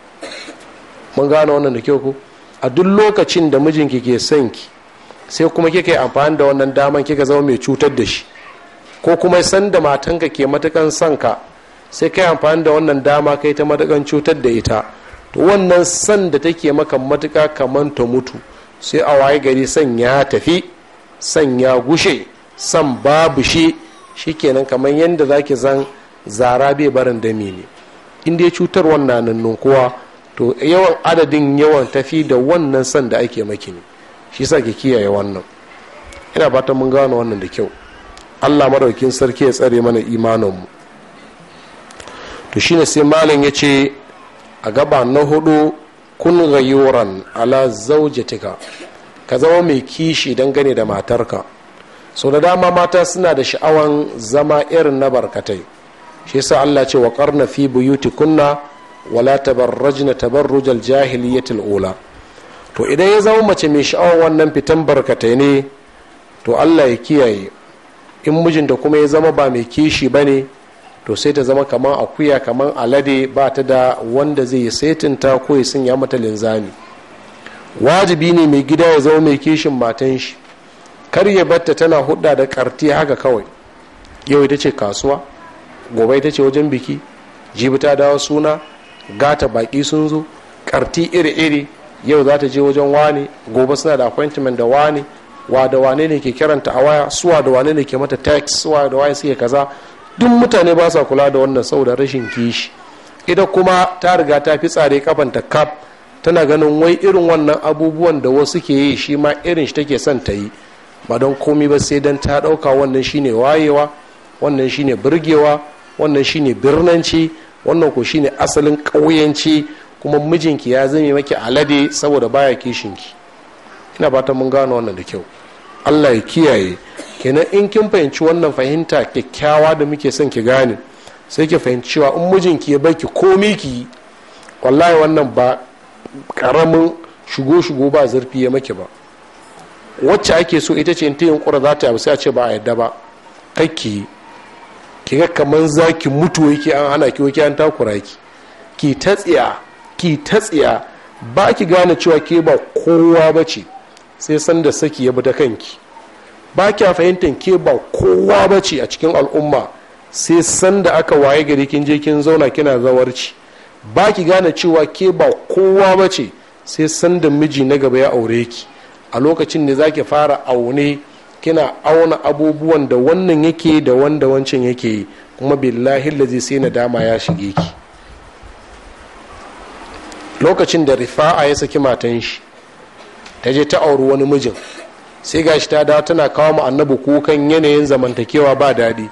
mun gane wannan da kyau ko a duk lokacin da mijinki ke son ki sai kuma kika yi amfani da wannan daman kika zama mai cutar da shi ko kuma san da matanka ke matakan son ka sai kai amfani da wannan dama kai ta matakan cutar da ita to wannan san da take maka matuka kaman ta mutu sai a waye gari san ya tafi san ya gushe san babu shi shikenan kamar yadda zaki zan zara bai barin dami ne in dai cutar wannan nan kuwa to yawan adadin yawan tafi da wannan san da ake maki ne shi sa ke kiyaye wannan ina fatan mun gano wannan da kyau allah madaukin sarki ya tsare mana imaninmu to shine sai malam ya ce a gaba na hudu kun gayyuran ala zaujatika ka zama mai kishi don gane da matarka sau da dama mata suna da sha'awan zama irin na barkatai shi sa allah ce wa karna fi buyuti kunna wala tabarrajna tabarrujal jahiliyatil ula to idan ya zama mace mai sha'awar wannan fitan barkatai ne to allah ya kiyaye in mijinta kuma ya zama ba mai kishi ba ne to sai ta zama kamar akuya kamar alade ba ta da wanda zai yi saitinta ko ya sanya mata linzami wajibi ne mai gida ya zama mai kishin matan shi kar ya batta tana hudda da karti haka kawai yau ita ce kasuwa gobe ita ce wajen biki jibi ta dawo suna gata baki sun zo karti iri-iri yau za ta je wajen wani gobe suna da appointment da wani wa da wane ne ke kiranta a waya suwa da wane ne ke mata text suwa da wani suke kaza duk mutane ba sa kula da wannan saboda rashin kishi ita kuma ta riga ta fi tsare kafanta kaf tana ganin wai irin wannan abubuwan da wasu ke yi shi ma irin shi take son ta yi ba don komi ba sai don ta ɗauka wannan shine wayewa wannan shine birgewa wannan shine birnanci wannan ko shine asalin ƙauyanci kuma mijinki ya zame maki alade saboda baya ki ina fatan mun gano wannan da kyau allah ya kiyaye kenan in kin fahimci wannan fahimta kyakkyawa da muke son ki gane sai ki fahimci cewa in mijinki ya baki komi ki wallahi wannan ba karamin shigo shigo ba zurfi ya maki ba wacce ake so ita ce in ta yunkura za ta yi a ce ba a yadda ba kakki ki ga kamar za ki mutu yake an hana ki wake an takura ki ki ta tsiya ki ta tsiya ba ki gane cewa ke ba kowa ba ce sai sanda saki ya bi ta kanki ba kya fahimtar ke ba kowa ba ce a cikin al'umma sai sanda aka waye gari kin je kin zauna kina zawarci ba ki gane cewa ke ba kowa ba ce sai sanda miji na gaba ya aure ki a lokacin ne ki fara aune kina auna abubuwan da wannan yake da wanda wancan yake yi kuma billahi lazi sai nadama ya shige ki lokacin da rifa'a ya saki matan shi ta je ta auri wani mijin sai ga shi ta dawo tana kawo mu annabi kukan yanayin zamantakewa ba daɗi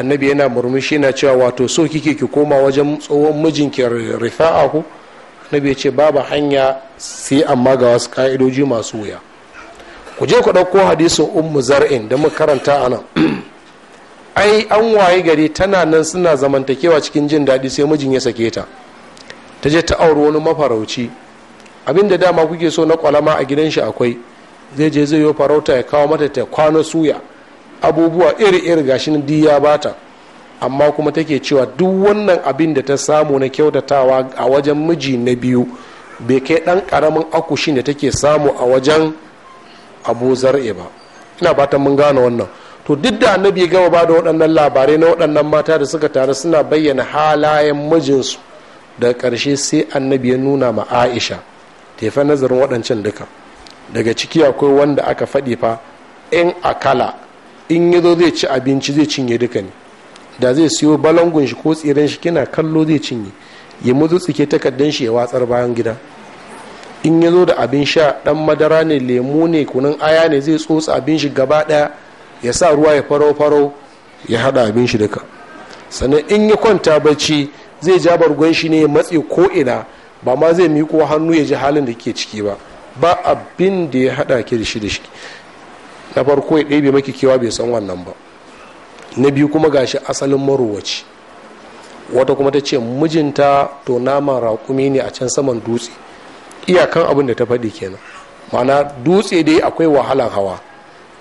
annabi yana murmushi na cewa wato so kike ki koma wajen tsohon mijin mijinki rifa'a ku annabi ya ce babu hanya sai amma ga wasu ka'idoji masu wuya ku je ku ɗauko hadisin ummu zar'in da muka karanta a nan ai an waye gari tana nan suna zamantakewa cikin jin daɗi sai mijin ya sake ta ta je ta auri wani mafarauci abinda dama kuke so na kwalama a gidan shi akwai zai je zai yi farauta ya kawo mata ta kwana suya abubuwa iri-iri gashi na diya bata amma kuma take cewa duk wannan abin da ta samu na kyautatawa a wajen miji na biyu bai kai dan karamin akushi da take samu a wajen abu zar'e ba ina fatan mun gane wannan to duk da annabi ya gama ba da waɗannan labarai na waɗannan mata da suka taru suna bayyana halayen mijinsu da ƙarshe sai annabi ya nuna ma aisha tefa nazarin waɗancan duka daga ciki akwai wanda aka faɗi fa in akala in ya zo zai ci abinci zai cinye duka ne da zai siyo balangun shi ko tsiren shi kina kallo zai cinye ya mutu tsike takardan shi ya watsar bayan gida in ya zo da abin sha dan madara ne lemu ne kunun aya ne zai tsotsa abin shi gaba daya ya sa ruwa ya faro-faro ya hada abin shi duka sannan in ya kwanta bacci zai ja bargon shi ne ya matse ko ina ba ma zai miko hannu ya ji halin da ke ciki ba ba abin da ya hada ki da shi da shi na farko ya ɗebe maki kewa bai san wannan ba na biyu kuma gashi asalin marowaci wata kuma ta ce mijinta to naman raƙumi ne a can saman dutse iyakan abin da ta faɗi kenan mana dutse dai akwai wahalan hawa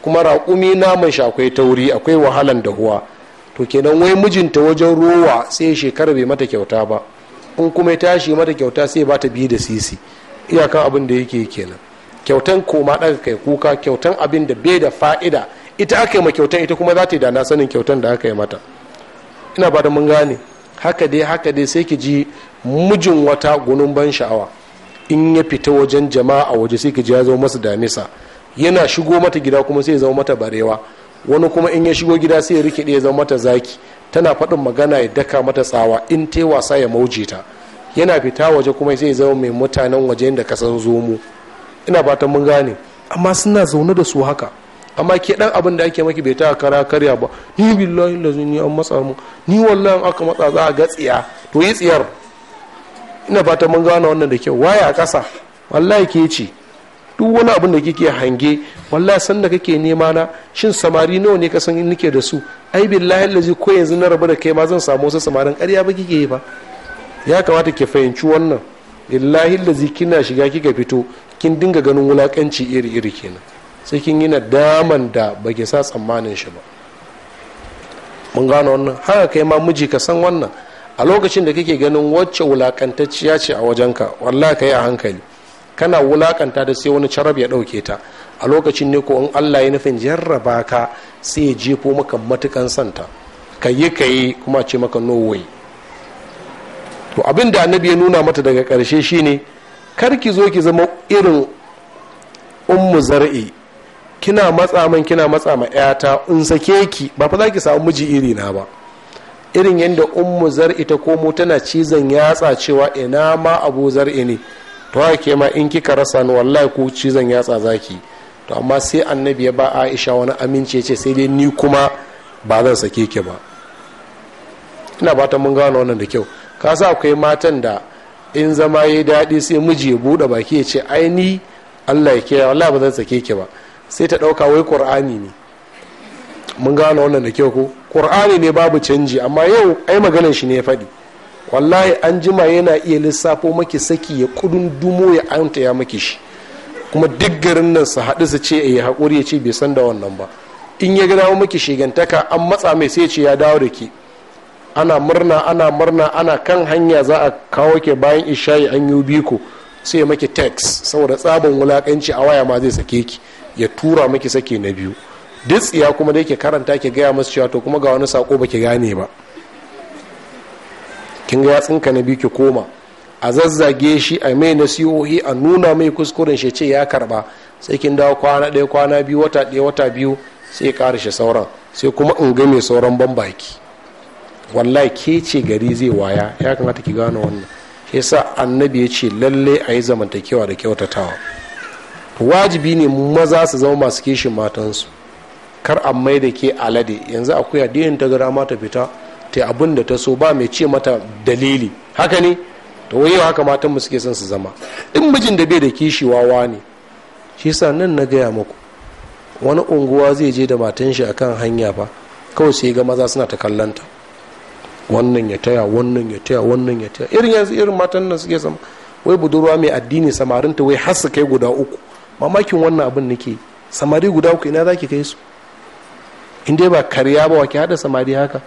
kuma raƙumi naman shakwai akwai tauri akwai wahalan dahuwa to kenan wai mijinta wajen rowa sai shekara bai mata kyauta ba in kuma ya tashi mata kyauta sai ba ta biyu da sisi iyakan abin da yake kenan kyautan koma ɗaga kai kuka kyautan abin da bai da fa'ida ita aka yi ma kyautan ita kuma za ta yi da sanin kyautan da aka yi mata ina ba da mun gane haka dai haka dai sai ki ji mijin wata gunun ban sha'awa in ya fita wajen jama'a waje sai ki ji ya zama masa damisa yana shigo mata gida kuma sai ya zama mata barewa wani kuma in ya shigo gida sai ya rike ya zama mata zaki tana faɗin magana ya daka mata tsawa in ta wasa ya mauje ta yana fita waje kuma sai ya zama mai mutanen waje da kasan mu ina fatan mun gane amma suna zaune da su haka amma ke dan abin da ake maki bai ta kara karya ba ni billahi ni an matsa mu ni wallahi aka matsa za a ga tsiya to yi tsiyar ina fatan mun gane wannan da kyau waya a ƙasa wallahi ke ce duk wani abin da kike hange wallahi san da kake nema na shin samari nawa ne ka san nike da su ai billahi allazi ko yanzu na rabu da kai ma zan samu wasu samarin ƙarya ba kike yi ba ya kamata ki fahimci wannan billahi allazi kina shiga kika fito kin dinga ganin wulakanci iri iri kenan sai kin yi daman da ba ke sa tsammanin shi ba mun gano wannan haka kai ma miji ka san wannan a lokacin da kake ganin wacce wulakantacciya ce a wajenka wallahi ka yi a hankali kana wulakanta da sai wani carab ya ɗauke ta a lokacin ne ko in allah ya nufin jarraba ka sai ya jefo maka matukan santa ka yi ka yi kuma ce maka norway to abin da annabi ya nuna mata daga ƙarshe shine kar ki zo ki zama irin ummu zar'i kina matsa man kina matsa ma yata in sake ki ba fa za ki samu miji iri na ba irin yadda ummu zar'i ta komo tana cizon yatsa cewa ina ma abu zar'i ne to ke ma in kika rasa ni wallahi ku cizon yatsa ki to amma sai annabi ya ba aisha wani amince ce sai dai ni kuma ba zan sake ki ba ina ba ta mun gano wannan da kyau ka sa akwai matan da in zama ya yi daɗi sai miji ya buɗe baki ya ce ai ni allah ya kira wallahi ba zan sake ki ba sai ta ɗauka wai ƙur'ani ne mun gano wannan da kyau ko ƙur'ani ne babu canji amma yau ai maganar shi ne ya faɗi wallahi an jima yana iya lissafo maki saki ya kudin dumo ya anta ya maki shi kuma duk garin nan su haɗu su ce ya eh, haƙuri ya ce bai san da wannan ba in ya dawo maki shigantaka an matsa mai sai ce ya dawo da ke ana murna ana murna ana kan hanya za a kawo ke bayan ishayi an yi biko sai ya maki tax saboda tsabon wulakanci a waya ma zai sake ki ya tura maki sake na biyu duk tsiya kuma da yake karanta ki gaya masu cewa to kuma ga wani sako baki gane ba kin ga yatsinka na biyu ki koma a zazzage shi a mai nasihohi a nuna mai kuskuren shi ce ya karba sai kin dawo kwana daya kwana biyu wata ɗaya wata biyu sai ya karishe sauran sai kuma in ga mai sauran ban baki wallahi ke ce gari zai waya ya kamata ki gane wannan shi yasa annabi ya ce lalle a yi zamantakewa da kyautatawa wajibi ne maza su zama masu kishin matansu kar a mai da ke alade yanzu akuya diyan ta gara mata fita ta abin da ta so ba mai ce mata dalili haka ne ta wai yau haka matanmu suke son su zama in mijin da bai da kishi wawa ne shi sa nan na gaya muku wani unguwa zai je da matan shi kan hanya ba kawai sai ga maza suna ta kallanta wannan ya taya wannan ya taya wannan ya taya irin yanzu irin matan nan suke sama wai budurwa mai addini samarinta wai har su kai guda uku mamakin wannan abin nake samari guda uku ina zaki kai su in dai ba karya ba wa ki hada samari haka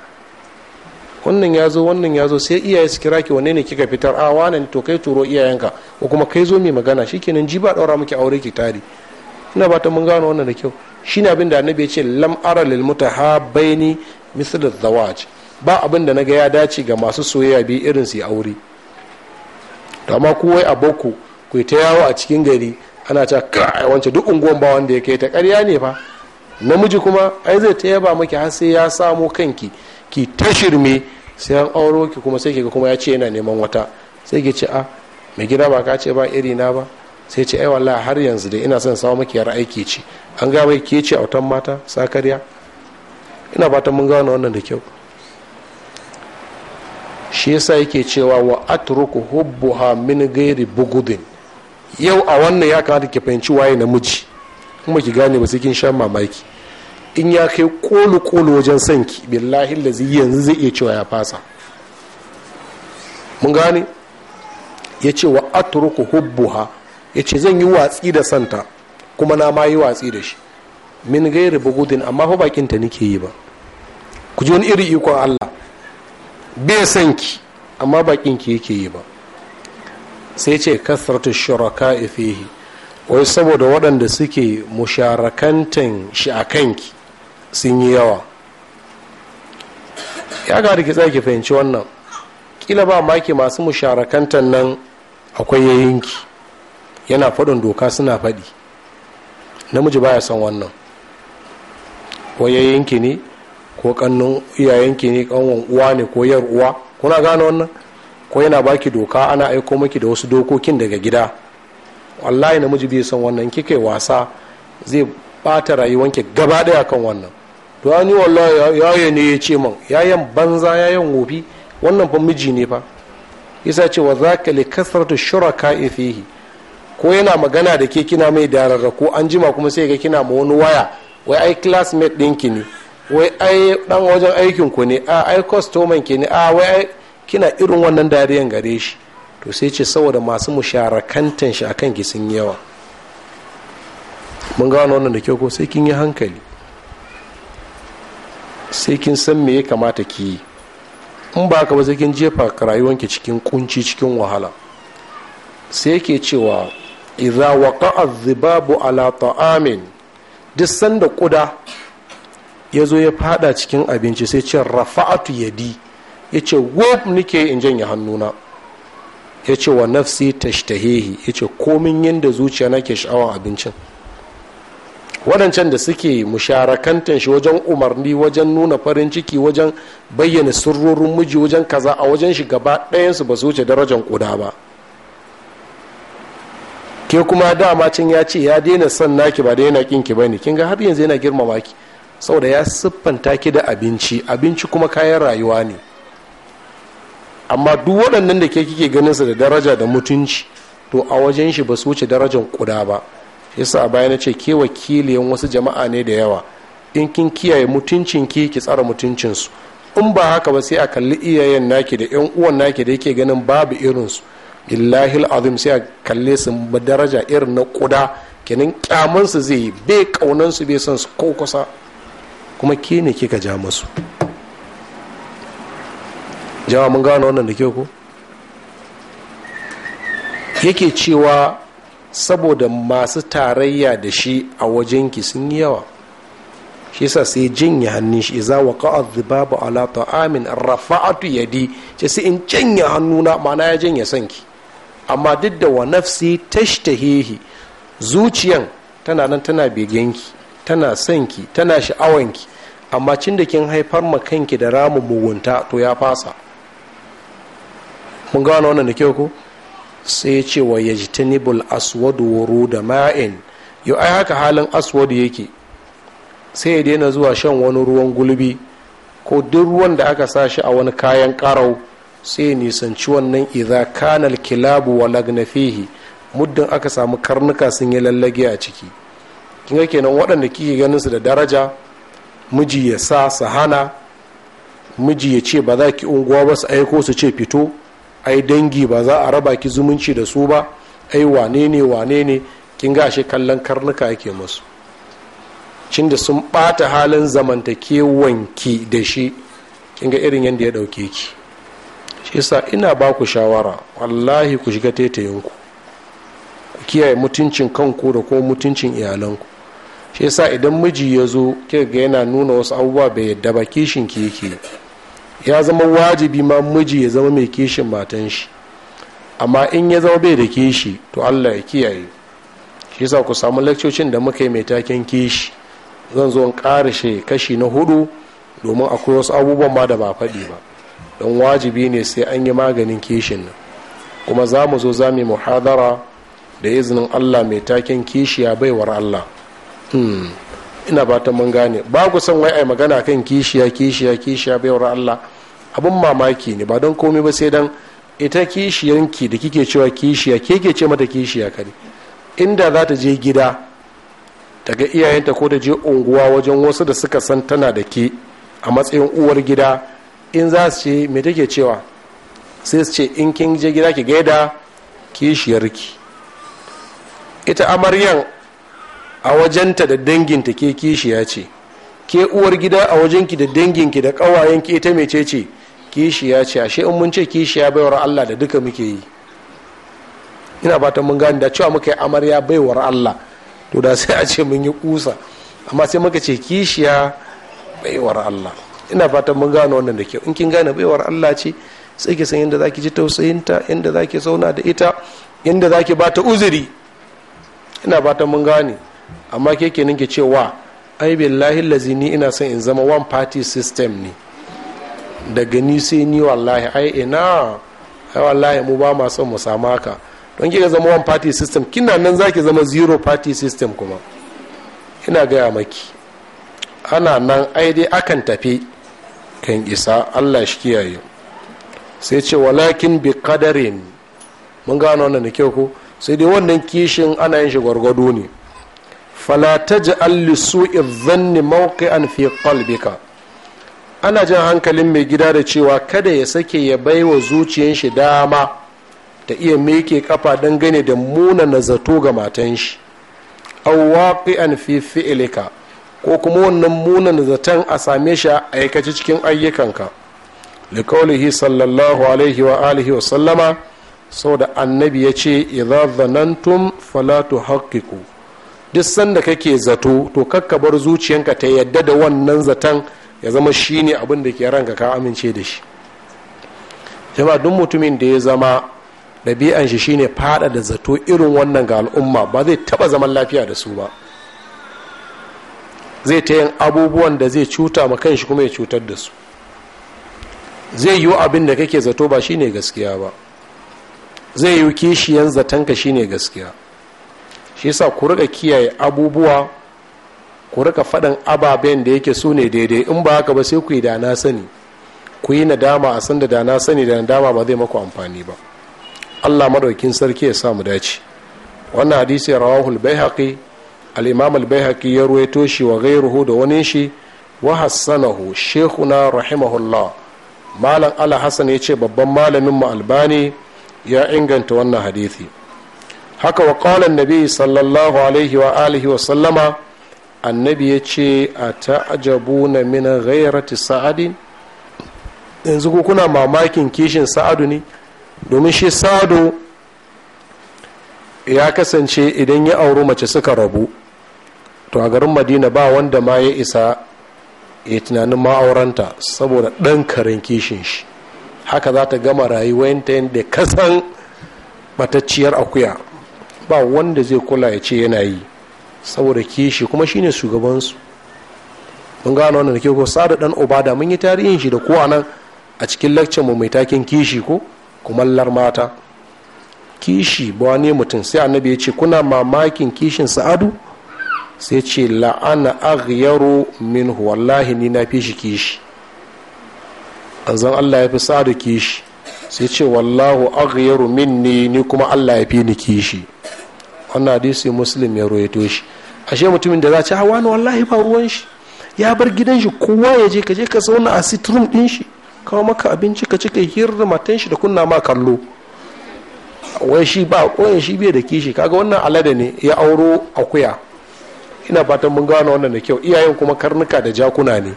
wannan ya zo wannan ya zo sai iyaye su kira ki wanne ne kika fitar a ah, wane to kai turo iyayenka ko kuma kai zo mai magana shi shikenan ji ba daura miki aure ki tari ina ba ta mun gano wannan da kyau shine abin da annabi ya ce lam ara lil mutahabaini misl zawaj ba abin da naga ya dace ga masu soyayya bi irin su aure to amma ku wai abokku ku ta yawo a cikin gari ana ta kai wance duk unguwan ba wanda ya kai ta ƙarya ne fa namiji kuma ai zai ta yaba miki har sai ya samo kanki ki ta shirme sai an auro ki kuma sai kiga kuma ya ce yana neman wata sai ki ce a ah, mai gida ba ka ce ba iri na ba sai ce ai wallahi har yanzu dai ina son samu maki aiki ce an ga mai ke ce autan mata sakarya ina ta mun gano wannan da kyau shi yasa yake cewa wa atruku hubbuha min ghairi bugudin yau a wannan ya kamata ki fahimci waye namiji kuma ki gane ba sai kin sha mamaki in ya kai kolu kolu wajen sanki billahi lazi yanzu zai iya cewa ya fasa mun gane ya ce wa atruku hubbuha ya ce zan yi watsi da santa kuma na ma yi watsi da shi min gairi bugudin amma fa bakin ta nake yi ba ku ji wani iri ikon Allah bai sanki amma bakin ki yake yi ba sai ce kasratu shuraka ifihi wai saboda waɗanda suke musharakantan shi a kanki sun yi yawa ya ga ki fahimci wannan kila ba maki masu musharakantan nan akwai yayinki yana faɗin doka suna faɗi namiji baya son wannan ko yayinki ne ko kannun iyayenki ne kanwan uwa ne ko yar uwa kuna gane wannan ko yana baki doka ana aiko maki da wasu dokokin daga gida wallahi namiji bai son wannan kika wasa zai bata rayuwanki gaba daya kan wannan to ni ya ya ne ya ce man yayan banza yayan wofi wannan fa miji ne fa yasa ce wa zaka li kasratu shuraka fihi ko yana magana da ke kina mai dararra ko an jima kuma sai ga kina ma wani waya wai ai classmate ki ne wai ai dan wajen aikin ku ne a ai customer ki ne a wai ai kina irin wannan dariyan gare shi to sai ce saboda masu musharakantan shi akan ki yawa mun gano wannan da kyau ko sai kin yi hankali sai kin san me ya kamata ki yi in ba ka ba sai kin jefa rayuwanki cikin kunci cikin wahala sai yake cewa idza waqa'a dhibabu ala ta'amin duk sanda kuda ya zo ya fada cikin abinci sai ce rafa'atu yadi ya ce wop nike in janye hannuna ya ce wa nafsi tashtahihi ya ce komin yadda zuciya na ke sha'awar abincin waɗancan da suke musharakantan shi wajen umarni wajen nuna farin ciki wajen bayyana sirrorin miji wajen kaza a wajen shi gaba ɗayansu ba su wuce darajar ƙuda ba ke kuma dama cin ya ce ya daina son naki ba da yana kinki ba ne kin ga har yanzu yana girmama ki saboda ya siffanta ki da abinci abinci kuma kayan rayuwa ne amma duk waɗannan da ke kike ganin su da daraja da mutunci to a wajen shi ba su wuce darajar ƙuda ba yasa a baya na ce ke wakiliyan wasu jama'a ne da yawa in kin kiyaye mutuncinki ki tsara mutuncin su in ba haka ba sai a kalli iyayen naki da yan uwan naki da yake ganin babu irinsu billahi azim sai a kalle su daraja irin na kuda kenan su zai yi bai su bai son su ko kusa kuma ke ne kika ja musu jama mun gano wannan da ke ko yake cewa saboda masu tarayya da shi a wajenki sun yi yawa shi sa sai janye hannun shi za wa ka'a zibabu ala ta'amin rafa'atu yadi ce sai in janye hannuna mana ya janye sanki amma duk da wa nafsi tashtahihi zuciyan tana nan tana ki tana sanki tana ki amma cin da kin haifar ma kanki da ramin mugunta to ya fasa mun gano wannan da kyau ko sai ce wa ya ji tinibul aswadu da ma'in yau ai haka halin aswadu yake sai ya daina zuwa shan wani ruwan gulbi ko duk ruwan da aka sa shi a wani kayan karau sai ya nisanci wannan idza kanal kilabu wa lagnafihi muddin aka samu karnuka sun yi lallage a ciki kin ga kenan waɗanda kike ganin su da daraja miji ya sa sahana miji ya ce ba za ki unguwa ba su aiko su ce fito ai dangi ba za a raba ki zumunci da su ba ai wane ne wane ne kin ga ashe kallon karnuka yake musu cin da sun bata halin zamantakewanki da shi kin ga irin yadda ya dauke ki shi yasa ina ba ku shawara wallahi ku shiga tetayinku ku kiyaye mutuncin kanku da kuma mutuncin iyalanku shi yasa idan miji ya zo kika ga yana nuna wasu abubuwa bai yadda ba kishin ki yake ya zama wajibi ma miji ya zama mai kishin matan shi amma in ya zama bai da kishi to allah ya kiyaye shi sa ku samu lakcocin da muka yi mai taken kishi zan zo in shi kashi na hudu domin akwai wasu abubuwan ma da ba faɗi ba don wajibi ne sai an yi maganin kishin nan kuma za mu zo za mu muhadara da izinin allah mai taken kishiya baiwar allah hmm. ina bata ta mun gane ba ku san wai ai magana kan kishiya kishiya kishiya baiwar Allah abun mamaki ne ba don komai ba sai dan ita kishiyanki da kike cewa kishiya ke ke ce mata kishiya kare inda za ta je gida daga iyayenta ko ta je unguwa wajen wasu da suka san tana da ke a matsayin uwar gida in za su ce me take cewa sai su ce in kin je gida ki gaida kishiyarki ita amaryan a wajenta da danginta ke kishiya ce ke uwar gida a wajenki da danginki da ƙawayenki ita mece ce kishiya ce ashe in mun ce kishiya baiwar allah da duka muke yi ina ba ta mun gane da cewa muka yi amarya baiwar allah to da sai a ce mun yi kusa amma sai muka ce kishiya baiwar allah ina ta mun gane wannan da kyau in kin gane baiwar allah ce sai ki san yadda zaki ji tausayinta yadda zaki zauna da ita yadda zaki ba ta uzuri ina ta mun gane amma ke kenan ke cewa ai billahi lazini ina son in zama one party system ne daga ni sai ni wallahi ai ina ai wallahi mu ba ma son mu samu haka don kika zama one party system kina nan zaki zama zero party system kuma ina gaya maki ana nan ai dai akan tafi kan isa allah shi kiyaye sai ce walakin bi kadarin mun gano wannan da kyau ko sai dai wannan kishin ana yin shi gwargwado ne fala taj'al li su'i dhanni mawqi'an fi qalbika ana jin hankalin mai gida da cewa kada ya sake ya baiwa zuciyar shi dama ta iya meke kafa don gane da muna zato ga matan shi an fi fi'ilika ko kuma wannan munan zaton a same shi a aikace cikin ayyukanka liqaulihi sallallahu alaihi wa alihi wa sallama saboda annabi ya ce idza zanantum fala tuhaqqiqu duk sanda kake zato to kakka bar zuciyanka ta yadda da wannan zaton ya zama shine abin da ke ranka ka amince da shi jama'a duk mutumin da ya zama ɗabi'an shi shine fada da zato irin wannan ga al'umma ba zai taba zaman lafiya da su ba zai ta yin abubuwan da zai cuta ma kanshi kuma ya cutar da su zai yi abin da kake zato ba shine gaskiya ba zai yi kishiyan zatonka shine gaskiya shi yasa ku rika kiyaye abubuwa ku rika faɗin ababen da yake su ne daidai in ba haka ba sai ku yi da na sani ku yi nadama a san da na sani da nadama ba zai maku amfani ba allah madaukin sarki ya sa mu dace wannan hadisi rawahul baihaqi al-imam ya ruwaito shi wa ghayruhu da wani shi wa hassanahu na rahimahullah malam ala hassan ya ce babban malamin mu albani ya inganta wannan hadisi haka wa nabi'u nabi sallallahu alaihi wa alihi wa sallama annabi ya ce a ta'ajabu na gayar ghairati sa'adi yanzu ko kuna mamakin kishin sa'adu ne domin shi sa'adu ya kasance idan ya auri mace suka rabu to a garin madina ba wanda ma ya isa ya tunanin ma'auranta saboda ɗan karin kishin shi haka za ta gama rayuwanta yadda kasan batacciyar akuya ba wanda zai kula ya ce yana yi saboda kishi kuma shine shugabansu mun gano wannan ke ko sada dan obada mun yi tarihin shi da kowa nan a cikin lakcin mu mai takin kishi ko kumallar mata kishi ba ne mutum sai annabi ya ce kuna mamakin kishin sa'adu sai ce la'ana aghyaru minhu wallahi ni na fi shi kishi zan Allah ya fi sa'adu kishi sai ce wallahu aghyaru minni ni kuma Allah ya fi ni kishi wannan hadisi muslim ya roito shi ashe mutumin da za ci hawa na wallahi ba ruwan shi ya bar gidan shi kowa ya je ka je ka zauna a sitrum din shi kawo maka abinci ka cika hirar matan shi da kunna ma kallo wai shi ba koyan shi bai da kishi kaga wannan alada ne ya auro akuya ina fatan mun gano wannan da kyau iyayen kuma karnuka da jakuna ne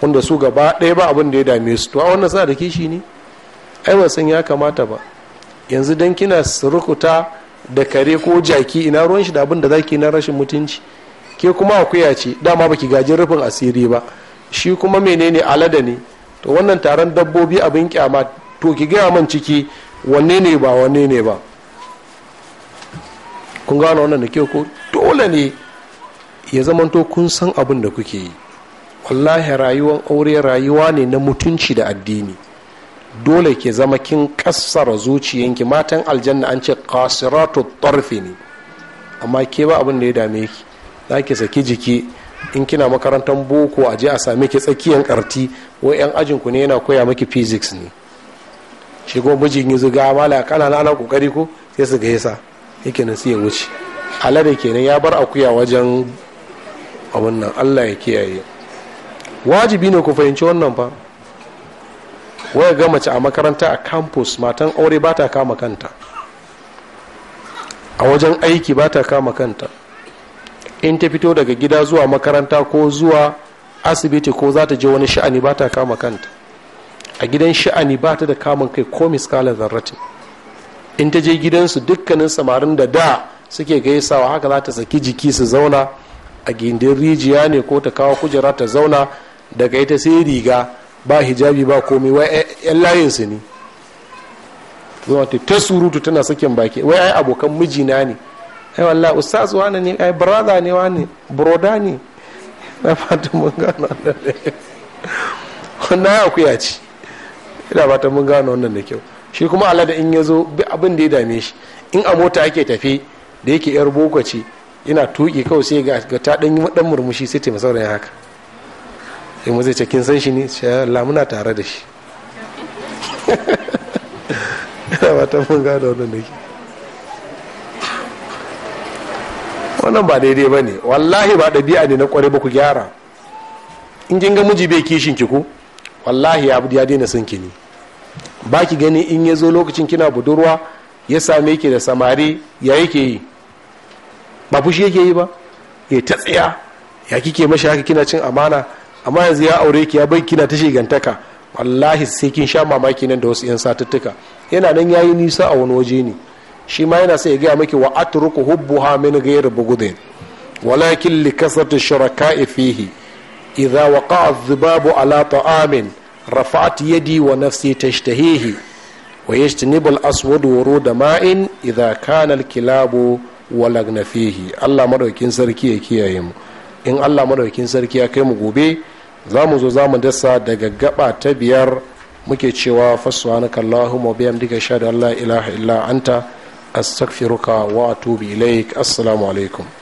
wanda su gaba ɗaya ba abin da ya dame su to a wannan suna da kishi ne ai ba san ya kamata ba yanzu dan kina surukuta da kare ko jaki ina ruwan shi da abin da zaki na rashin mutunci ke kuma akuya ce dama baki gajin rufin asiri ba shi kuma menene alada ne to wannan taron dabbobi abin kyama to ki gaya man ciki wanne ne ba wanne ne ba kun gano wannan da ke ko dole ne ya zamanto kun san abin da kuke yi wallahi rayuwan aure rayuwa ne na mutunci da addini dole ke zama kin kassara zuciyanki matan aljanna an ce kasiratu tarfi ne amma ke ba abin da ya dame ki za ki saki jiki in kina makarantar boko a je a same ki tsakiyan karti wai yan ajin ku ne yana koya miki physics ne shi kuma mijin yi zuga mala kana na ana kokari ko sai su gaisa yake nan sai ya wuce alade kenan ya bar akuya wajen abin nan Allah ya kiyaye wajibi ne ku fahimci wannan fa waya ga mace a makaranta a campus matan aure ba ta kama kanta a wajen aiki ba ta kama kanta in ta fito daga gida zuwa makaranta ko zuwa asibiti ko za ta je wani sha'ani ba ta kama kanta a gidan sha'ani ba ta da kamun kai ko miskalar zarrati in ta je gidansu dukkanin samarin da da suke gaisawa haka za ta saki jiki su zauna a gindin rijiya ne ko ta kawo kujera ta zauna daga ita sai riga ba hijabi ba komai wai yan layin su ne zuwa ta surutu tana sakin baki wai ai abokan mijina ne ai wallahi ustaz wani ne ai brother ne wani broda ne na fatan mun gano wannan ya kuya ce ina fata mun gano wannan da kyau shi kuma alada in ya zo abin da ya dame shi in a mota ake tafi da yake yar boko ce yana tuki kawai sai ga ta dan murmushi sai ta masauran haka sai mu zai ce kin san shi ne shi Allah muna tare da shi ina ba ta mun gano wannan da ke wannan ba daidai ba ne wallahi ba ɗabi'a ne na kware ba ku gyara in kin ga miji bai kishin ki ko wallahi ya ya daina son ki ne ba ki gani in ya zo lokacin kina budurwa ya same ki da samari ya yake yi ba fushi yake yi ba ya ta tsaya ya kike mashi haka kina cin amana amma yanzu ya aure ki ya bai kina ta shigantaka wallahi sai kin sha mamaki nan da wasu yan satuttuka yana nan yayi nisa a wani waje ne shi ma yana sai ya gaya maki wa atruku hubbuha min ghayri bugudin walakin li kasrati shuraka'i fihi idza waqa'a adh-dhibabu ala ta'amin rafa'at yadi wa nafsi tashtahihi wa yajtanibu al-aswad wurud ma'in idza kana al-kilabu walagna fihi Allah madaukin sarki ya kiyaye mu in allah madaukin sarki ya kai mu gobe za mu zo za mu dasa daga gaba ta biyar muke cewa kallahu ma biyam diga sha da allah ilaha illa anta astaghfiruka wa atubu ilaik assalamu alaikum